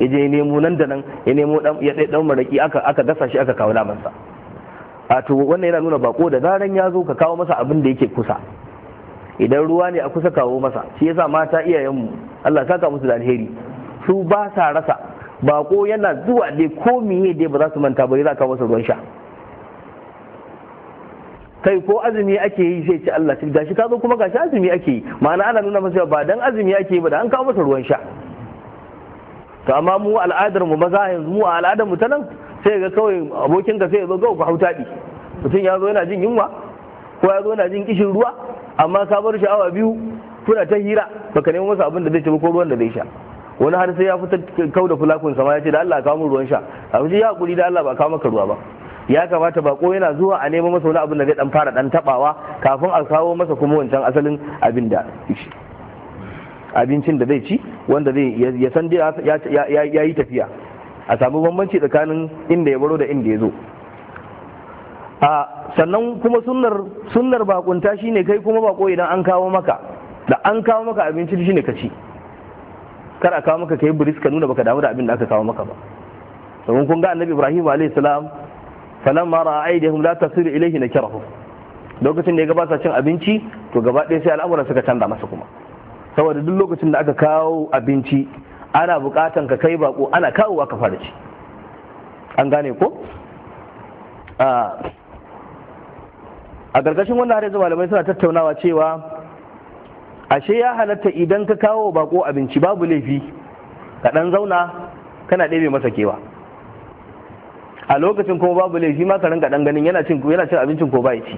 ya je nemo nan da nan ya nemo ya dai dan maraki aka aka gasa shi aka kawo naman sa a to wannan yana nuna bako da zaran ya zo ka kawo masa abin da yake kusa idan ruwa ne a kusa kawo masa shi yasa mata iyayen mu Allah saka musu da alheri su ba sa rasa bako yana zuwa dai ko miye dai ba za su manta ba za ka masa ruwan sha kai ko azumi ake yi sai ce Allah shi gashi ka zo kuma gashi azumi ake yi ma'ana ana nuna masa ba dan azumi ake yi ba da an kawo masa ruwan sha to amma mu al'adar mu maza yanzu mu al'adar mu ta nan sai ga kawai abokin ka sai ya zo ga ku mutum ya zo yana jin yunwa ko ya zo yana jin kishin ruwa amma ka bar sha'awa biyu kuna ta hira baka nemo masa abin da zai ci ko ruwan da zai sha wani har sai ya fita kau da fulakun sama ya ce da Allah kawo min ruwan sha a ya hakuri da Allah ba kawo maka ruwa ba ya kamata bako yana zuwa a nemo masa wani abin da zai dan fara dan tabawa kafin a kawo masa kuma wancan asalin abin da abincin da zai ci wanda zai ya san ya yi tafiya a samu bambanci tsakanin inda ya baro da inda ya zo a sannan kuma sunnar sunnar bakunta shine kai kuma bako idan an kawo maka da an kawo maka abinci shine ka ci kar a kawo maka kai buris ka nuna baka damu da abin da aka kawo maka ba domin kun ga annabi ibrahim alayhi salam falamma ra'a aidihim la ilaihi na nakirahu lokacin da ya gabata cin abinci to gaba ɗaya sai al'amuran suka canza masa kuma saboda duk lokacin da aka kawo abinci ana buƙatan ka kai bako ana kawowa ka fara ci an gane ko a gargashin wannan har yanzu malamai suna tattaunawa cewa ashe ya halatta idan ka kawo bako abinci babu laifi ka ɗan zauna kana ɗebe masa kewa a lokacin kuma babu laifi ma ka ranka dan ganin yana cin yana cin abincin ko bai ci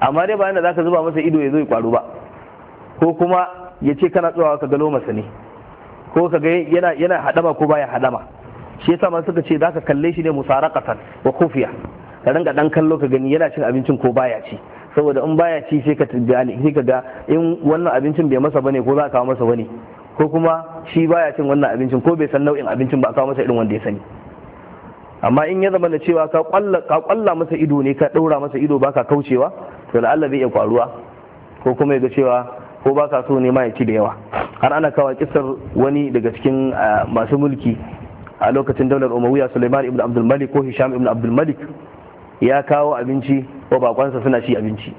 amma dai ba yana zaka zuba masa ido ya zo ya kwaro ba ko kuma ya ce kana tsawa ka galo masa ne ko ka ga yana yana hadama ko baya hadama shi yasa ma suka ce zaka kalle shi ne musaraqatan wa khufiya ka ranka dan kallo ka gani yana cin abincin ko baya ci saboda in baya ci sai ka tijjani sai ka ga in wannan abincin bai masa bane ko za ka kawo masa wani ko kuma shi baya cin wannan abincin ko bai san nau'in abincin ba a kawo masa irin wanda ya sani amma in ya zama da cewa ka kwalla masa ido ne ka ɗaura masa ido ba ka kaucewa to la'alla zai iya faruwa ko kuma ga cewa ko ba ka so ne ma ya ci da yawa har ana kawo kisar wani daga cikin masu mulki a lokacin daular umawiya suleiman ibn abdul malik ko hisham ibn abdul malik ya kawo abinci ko bakonsa suna ci abinci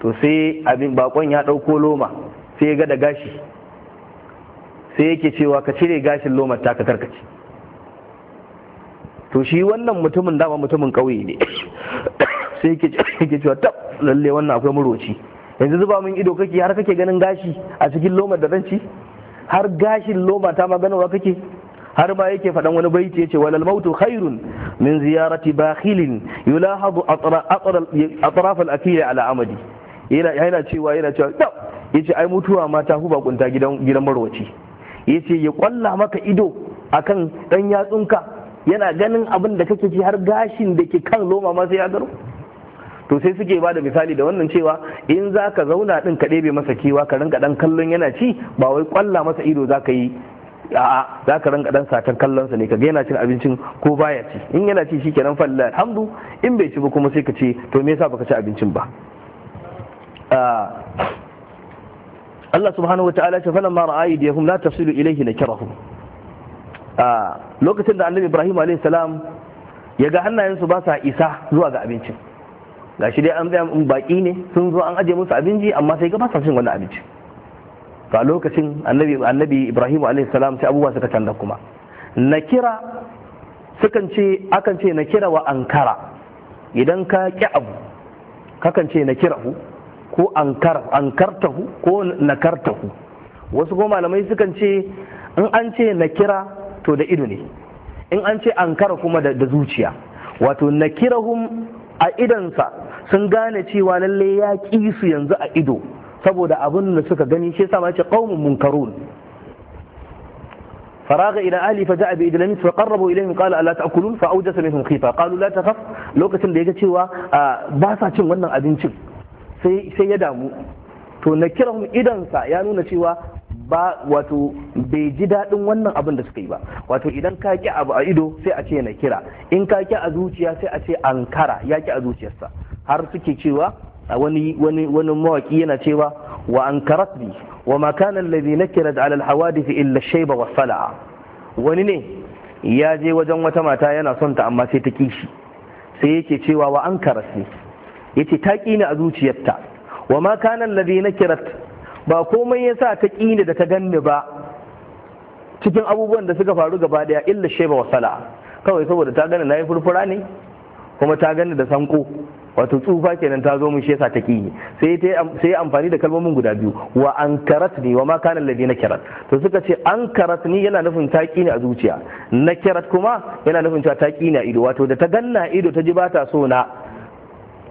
to sai abin bakon ya ɗauko loma sai ya ga da gashi sai yake cewa ka cire gashin lomar ta ka karkace to shi wannan mutumin dama mutumin ƙauye ne sai yake cewa tab lalle wannan akwai muroci yanzu zuba min ido kake har kake ganin gashi a cikin loma da zan har gashin loma ta ma maganawa kake har ma yake faɗan wani baiti yace walal mautu khairun min ziyarati bakhilin yulahadu atraf al-akili ala amadi yana yana cewa yana cewa tab yace ai mutuwa ma ta huba kunta gidan gidan marwaci yace ya kwalla maka ido akan dan yatsunka yana ganin abin da kake ji har gashin da ke kan loma masu ya to sai suke ba da misali da wannan cewa in za ka zauna din ka ɗebe masa kewa ka rinka dan kallon yana ci ba wai kwalla masa ido za ka yi a'a za ka rinka dan satar kallonsa ne ka ga yana cin abincin ko baya ci in yana ci shi kenan falla alhamdu in bai ci ba kuma sai ka ce to me yasa baka ci abincin ba ah, Allah subhanahu wa ta'ala ce falamma ra'ayi yahum la tafsilu ilayhi nakirahum a ah, lokacin da annabi ibrahim a.s. ya ga hannayensu ba sa isa zuwa ga abincin Ga shi dai an zai baƙi ne sun zo an aje musu abinci amma sai ga ba sa cin wani abinci to a lokacin annabi annabi ibrahim a.s. sai abubuwa suka canza kuma Na kira sukan ce akan ce na kira wa ankara idan ka ƙi abu kakan ce na hu ko ankar ankartahu ko nakartahu wasu kuma malamai sukan ce in an ce na kira. to da ido ne in an ce an ankara kuma da zuciya wato nakirahum a idansa sun gane cewa lalle ya ƙi su yanzu a ido saboda abin da suka gani shi yasa ma ce qaumun munkarun فراغ الى اهله فجاء بادلام فقربوا اليهم قال الا تاكلون فاوجس منهم خيفه قالوا لا تخف lokacin da yaga cewa ba sa cin wannan abincin sai ya damu to nakirahun kirahum idansa ya nuna cewa ba wato bai ji daɗin wannan abin da suka yi ba wato idan ka ki abu a ido sai a ce na kira in ka ki a zuciya sai a ce ankara ya ki a zuciyarsa har suke cewa wani wani wani mawaki yana cewa wa ankaratni wa ma kana alladhi nakirat ala alhawadith illa shayba wa sala'a wani ne ya je wajen wata mata yana son ta amma sai ta ki shi sai yake cewa wa ankaratni yace ta ki ni a zuciyarta wa ma kana alladhi nakirat ba komai yasa ta ƙini da ta ganni ba cikin abubuwan da suka faru gaba daya illa sheba wa sala kawai saboda ta gani nayi furfura ne kuma ta gani da sanko wato tsufa kenan ta zo mun shi yasa ta ƙini sai ta sai amfani da kalmomin guda biyu wa ne wa ma kana alladhi nakirat to suka ce ni yana nufin ta ƙini a zuciya nakirat kuma yana nufin ta ƙini a ido wato da ta ganna ido ta ji ba ta so na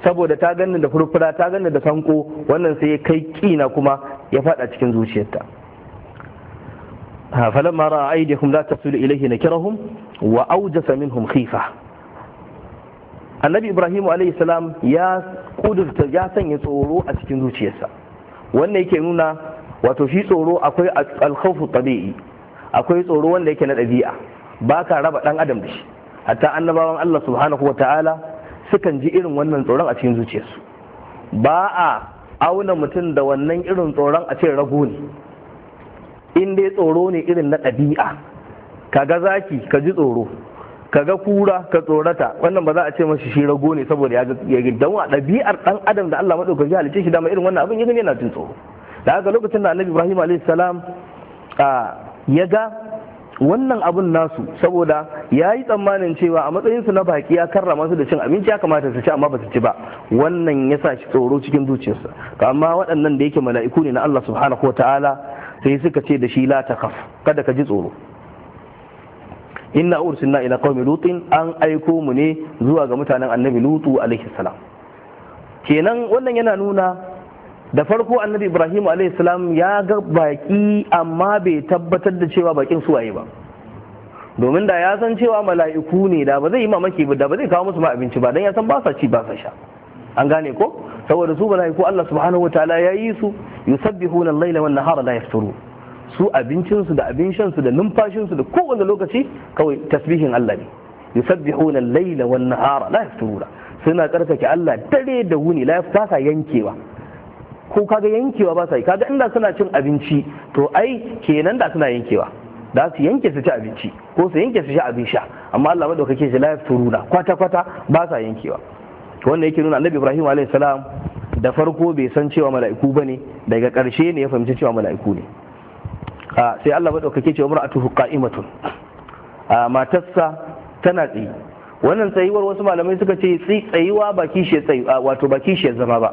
saboda ta ganni da furfura ta ganni da sanko wannan sai ya kai kina kuma ya fada cikin zuciyarta falan ma ra'a aidihum la tasulu ilayhi nakirahum wa awjasa minhum khifa annabi ibrahim alayhi salam ya kudurta ya sanya tsoro a cikin zuciyarsa wannan yake nuna wato shi tsoro akwai alkhawfu tabi'i akwai tsoro wanda yake na dabi'a baka raba ɗan adam da shi hatta annabawan Allah subhanahu wa ta'ala sukan ji irin wannan tsoron a cikin zuciyarsu ba a auna mutum da wannan irin tsoron a ce rago ne in dai tsoro ne irin na ɗabi'a kaga zaki ka ji tsoro kaga kura ka tsorata wannan ba za a ce mashi shi rago ne saboda ya ga dan wa ɗabi'ar dan adam da Allah madaukaki halicce shi dama irin wannan abin yi gani yana jin tsoro da haka lokacin da Annabi Ibrahim alaihi ya ga wannan abun nasu saboda ya yi tsammanin cewa a matsayinsu na baki ya karrama su da cin abinci ya kamata su ci amma ba su ci ba wannan ya sa shi tsoro cikin zuciyarsa to amma waɗannan da yake mala'iku ne na Allah subhanahu wa ta'ala sai suka ce da shi la ta kaf kada ka ji tsoro inna ursilna ila qaumi lutin an aiko mu ne zuwa ga mutanen annabi lutu alaihi salam kenan wannan yana nuna da farko annabi ibrahim salam ya ga baki amma bai tabbatar da cewa bakin suwaye ba domin da ya san cewa mala'iku ne da ba zai yi mamaki ba da ba zai kawo musu ma abinci ba don ya san ba sa ci ba sa sha an gane ko saboda su mala'iku Allah subhanahu wataala ya yi su yusabbihuna al-laila wan nahara la yafturu su abincin su da abin shan su da numfashin su da kowane lokaci kawai tasbihin Allah ne yusabbihuna al-laila wan nahara la yafturu suna karkake Allah dare da wuni la yafta yankewa ko kaga yankewa ba sai kaga inda suna cin abinci to ai kenan da suna yankewa da su yanke su ci abinci ko su yanke su sha abin sha amma Allah madaukake shi la turuna kwata kwata ba sa yankewa to wannan yake nuna Annabi Ibrahim alayhi salam da farko bai san cewa mala'iku bane daga ƙarshe ne ya fahimci cewa mala'iku ne sai Allah madaukake ce umra'atuhu qa'imatun matarsa tana tsaye wannan tsayuwar wasu malamai suka ce tsayuwa ba kishiyar wato ba kishiyar zama ba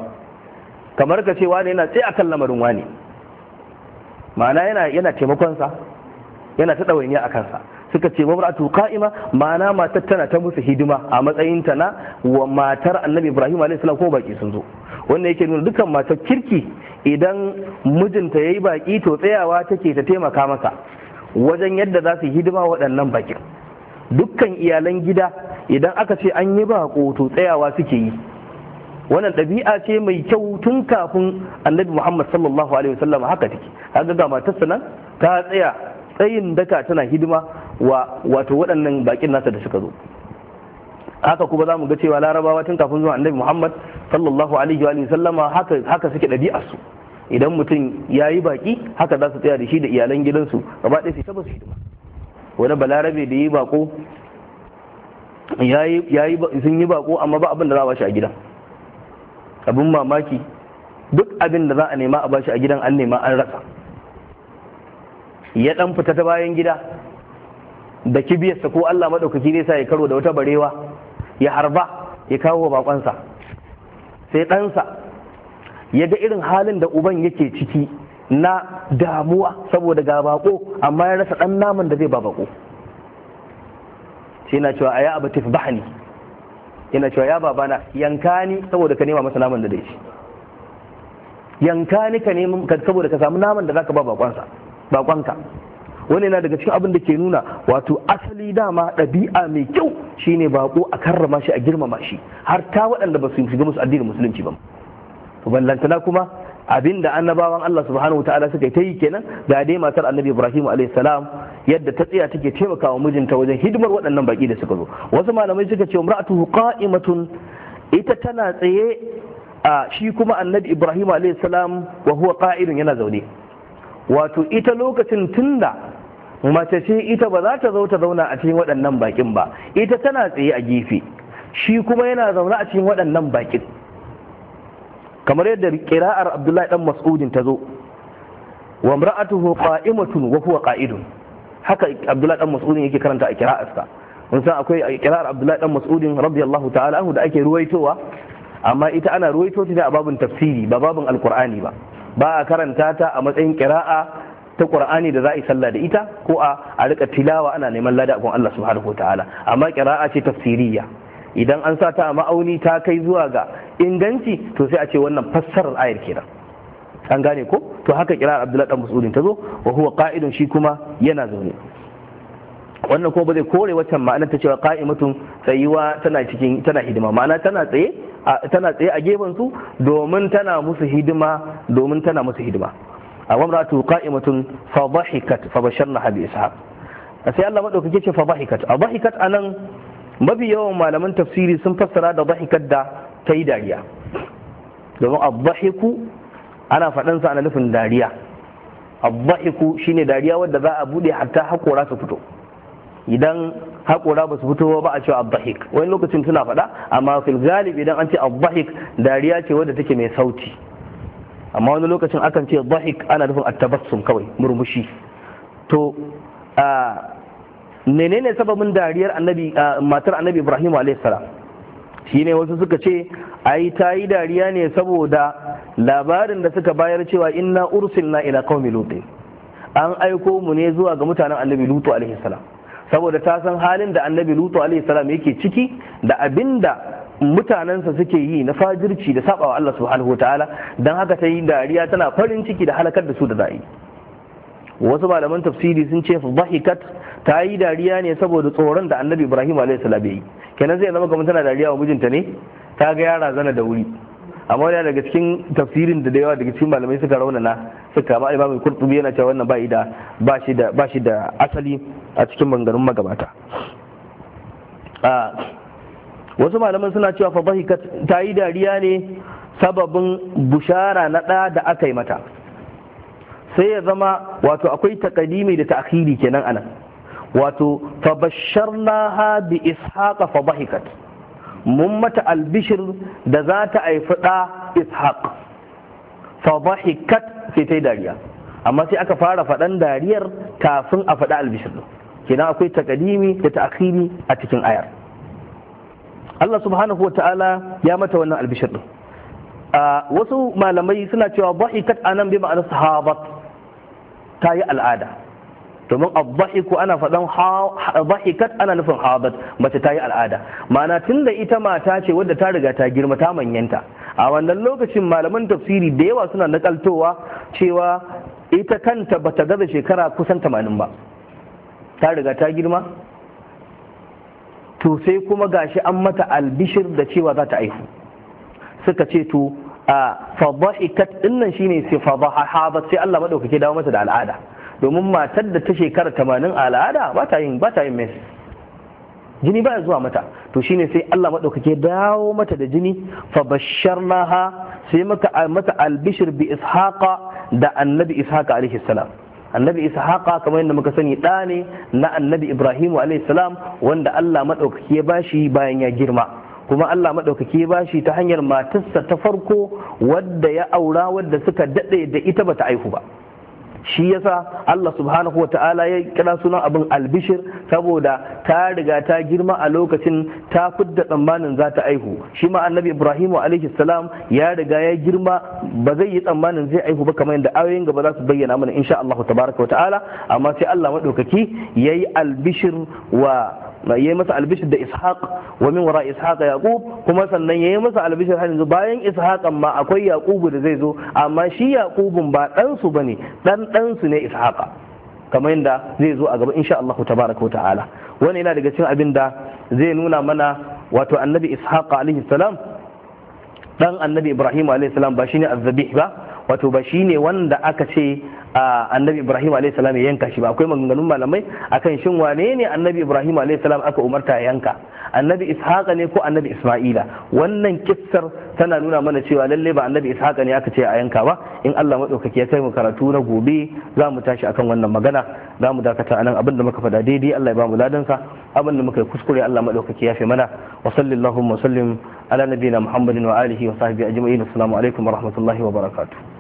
kamar ka ce wane yana tsaye akan lamarin wane ma'ana yana yana taimakonsa yana ta ɗawainiya a kansa suka ce mabratu ka'ima ma'ana matar tana ta musu hidima a matsayin ta na wa matar annabi ibrahim alaihi salam ko baki sun zo wannan yake nuna dukkan matar kirki idan mijinta yayi baki to tsayawa take ta taimaka masa wajen yadda za su hidima waɗannan bakin dukkan iyalan gida idan aka ce an yi bako to tsayawa suke yi wannan ɗabi'a ce mai kyau tun kafin annabi muhammad sallallahu alaihi wasallam haka take haka ga matarsa nan ta tsaya tsayin daka tana hidima wa wato waɗannan bakin nasa da suka zo haka kuma za mu ga cewa larabawa tun kafin zuwa annabi muhammad sallallahu alaihi wa sallama haka haka suke ɗabi'a su idan mutum ya yi baki haka za su tsaya da shi da iyalan gidansu gaba ɗaya su ta basu hidima wani balarabe da yi bako sun yi bako amma ba abin da za a bashi a gidan abin mamaki duk abin da za a nema a bashi a gidan an nema an rasa ya dan fita ta bayan gida da kibiyarsa ko Allah maɗaukaki ne sa ya karo da wata barewa ya harba ya kawo wa sa. sai ɗansa ya ga irin halin da uban yake ciki na damuwa saboda ga bako amma ya rasa ɗan naman da zai ba bako sai na cewa a ya abu bahani. yana cewa ya babana yanka ni saboda ka nema masa naman da dai yanka ni ka nema saboda ka samu naman da zaka ba bakonsa bakonka wani yana daga cikin abin da ke nuna wato asali dama ɗabi'a mai kyau shine bako a karrama shi a girmama shi har ta waɗanda ba su shiga musu addinin musulunci ba to ballantana kuma abinda annabawan Allah subhanahu ta'ala suka ta yi kenan ga dai matar annabi Ibrahim alayhi salam yadda ta tsaya take taimakawa mijinta wajen hidimar waɗannan baki da suka zo wasu malamai suka ce imra'atuhu qa'imatun ita tana tsaye a shi kuma annabi Ibrahim alayhi salam wa huwa qa'idun yana zaune wato ita lokacin tunda mace ce ita ba za ta zo ta zauna a cikin waɗannan bakin ba ita tana tsaye a gefe shi kuma yana zaune a cikin waɗannan bakin kamar yadda kira'ar abdullahi dan mas'udin ta zo wa imra'atuhu qa'imatun wa huwa qa'idun haka abdullahi dan mas'udin yake karanta a kira'arsa mun san akwai kira'ar abdullahi dan mas'udin radiyallahu ta'ala anhu da ake ruwaitowa amma ita ana ruwaito ta a babin tafsiri ba babin alqur'ani ba ba a karanta ta a matsayin kira'a ta qur'ani da za a yi sallah da ita ko a rika tilawa ana neman lada a Allah subhanahu wa ta'ala amma kira'a ce tafsiriya idan an sa ta a ma'auni ta kai zuwa ga inganci to sai a ce wannan fassarar ayar kenan an gane ko to haka kira abdullahi dan musulun ta zo wa huwa qa'idun shi kuma yana zaune wannan ko ba zai kore waccan ma'anar ta cewa qa'imatun tsayuwa tana cikin tana hidima ma'ana tana tsaye tana tsaye a gefen su domin tana musu hidima domin tana musu hidima amma ratu qa'imatun fa dhahikat fa basharna bi ishaq sai Allah madaukake ce fa dhahikat a dhahikat anan mafi yawan malaman tafsiri sun fassara da dhahikar da ta yi dariya domin abdahiku ana faɗansa ana nufin dariya abdahiku shine dariya wadda za a buɗe hatta haƙora su fito idan haƙora ba su fito ba a cewa abdahik wani lokacin suna faɗa amma fil galib idan an ce abdahik dariya ce wadda take mai sauti amma wani lokacin akan ce dhahik ana nufin attabassum kawai murmushi to menene sababin dariyar annabi matar annabi ibrahim alaihissalam shine wasu suka ce ai ta yi dariya ne saboda labarin da suka bayar cewa inna ursilna ila qaumi lutin an aiko mu ne zuwa ga mutanen annabi lutu alaihissalam saboda ta san halin da annabi lutu alaihissalam yake ciki da abinda mutanensa suke yi na fajirci da sabawa Allah subhanahu wataala dan haka ta yi dariya tana farin ciki da halakar da su da dai wasu malaman tafsiri sun ce dhahikat ta yi dariya ne saboda tsoron da annabi ibrahim alaihi salam yi kenan zai zama kamar tana dariya wa mijinta ne ta ga yara zana da wuri amma yana daga cikin tafsirin da yawa daga cikin malamai suka raunana suka ma imam qurtubi yana cewa wannan bai da ba da ba shi da asali a cikin maganganun magabata wasu malaman suna cewa fa ta yi dariya ne sababin bushara na ɗa da aka yi mata sai ya zama wato akwai takadimi da ta'khiri kenan anan wato ha bi ishaqa fa bahikat mun mata albishir da za ta haifi ɗa ishaq fa bahikat sai ta yi dariya amma sai aka fara faɗan dariyar kafin a faɗa albishir ɗin. kenan akwai takadimi da ta'khiri a cikin ayar Allah subhanahu wa ta'ala ya mata wannan albishir ɗin. wasu malamai suna cewa bahikat anan bi ma'anar sahabat ta yi al'ada domin abba'iku ana faɗan ba'ikat ana nufin habat mace ta yi al'ada mana tun da ita mata ce wadda ta riga ta girma ta manyanta a wannan lokacin malaman tafsiri da yawa suna nakaltowa cewa ita kanta bata gaza shekara kusan tamanin ba ta riga ta girma to sai kuma gashi an mata albishir da cewa za ta aihu suka ce to a fadha'ikat dinnan shine sai fadaha habat sai Allah madaukake dawo mata da al'ada domin matar da ta shekara tamanin al'ada ba ta yin ba ta yin mes jini baya zuwa mata to shine sai Allah maɗaukake dawo mata da jini fa basharnaha sai maka mata albishir bi ishaqa da annabi ishaqa alaihi salam annabi ishaqa kamar yadda muka sani da ne na annabi ibrahim alaihi salam wanda Allah maɗaukake ya bashi bayan ya girma kuma Allah maɗaukake ya bashi ta hanyar matarsa ta farko wadda ya aura wadda suka daɗe da ita bata aihu ba shi yasa Allah subhanahu wa ta'ala ya kira sunan abin albishir saboda ta riga ta girma a lokacin ta fidda tsammanin za ta aihu shi ma annabi Ibrahim alaihi salam ya riga ya girma ba zai yi tsammanin zai aihu ba kamar yadda ayoyin gaba za su bayyana mana insha Allah tabaraka wa ta'ala amma sai Allah madaukaki yayi albishir wa yayi masa albishir da ishaq wa min wara ishaq yaqub kuma sannan yayi masa albishir har yanzu bayan ishaqan ma akwai yaqubu da zai zo amma shi yaqubun ba dan su bane dan dan su ne ishaqa kamar yadda zai zo a gaba insha Allah tabaraka wa ta'ala wannan yana daga cikin abinda zai nuna mana wato annabi ishaq alaihi salam dan annabi ibrahim alaihi salam ba shine azzabih ba wato ba shine wanda aka ce annabi ibrahim alayhi salam ya yanka shi ba akwai maganganun malamai akan shin wane ne annabi ibrahim alayhi salam aka umarta ya yanka annabi ishaqa ne ko annabi isma'ila wannan kissar tana nuna mana cewa lalle ba annabi ishaqa ne aka ce a yanka ba in Allah madaukaki ya kai mu karatu na gobe za mu tashi akan wannan magana za mu dakata anan abin da muka faɗa daidai Allah ya ba mu ladansa abin muka kuskure Allah madaukaki ya fi mana wa sallallahu wa sallim ala nabiyina muhammadin wa alihi wa sahbihi ajma'in assalamu alaikum wa rahmatullahi wa barakatuh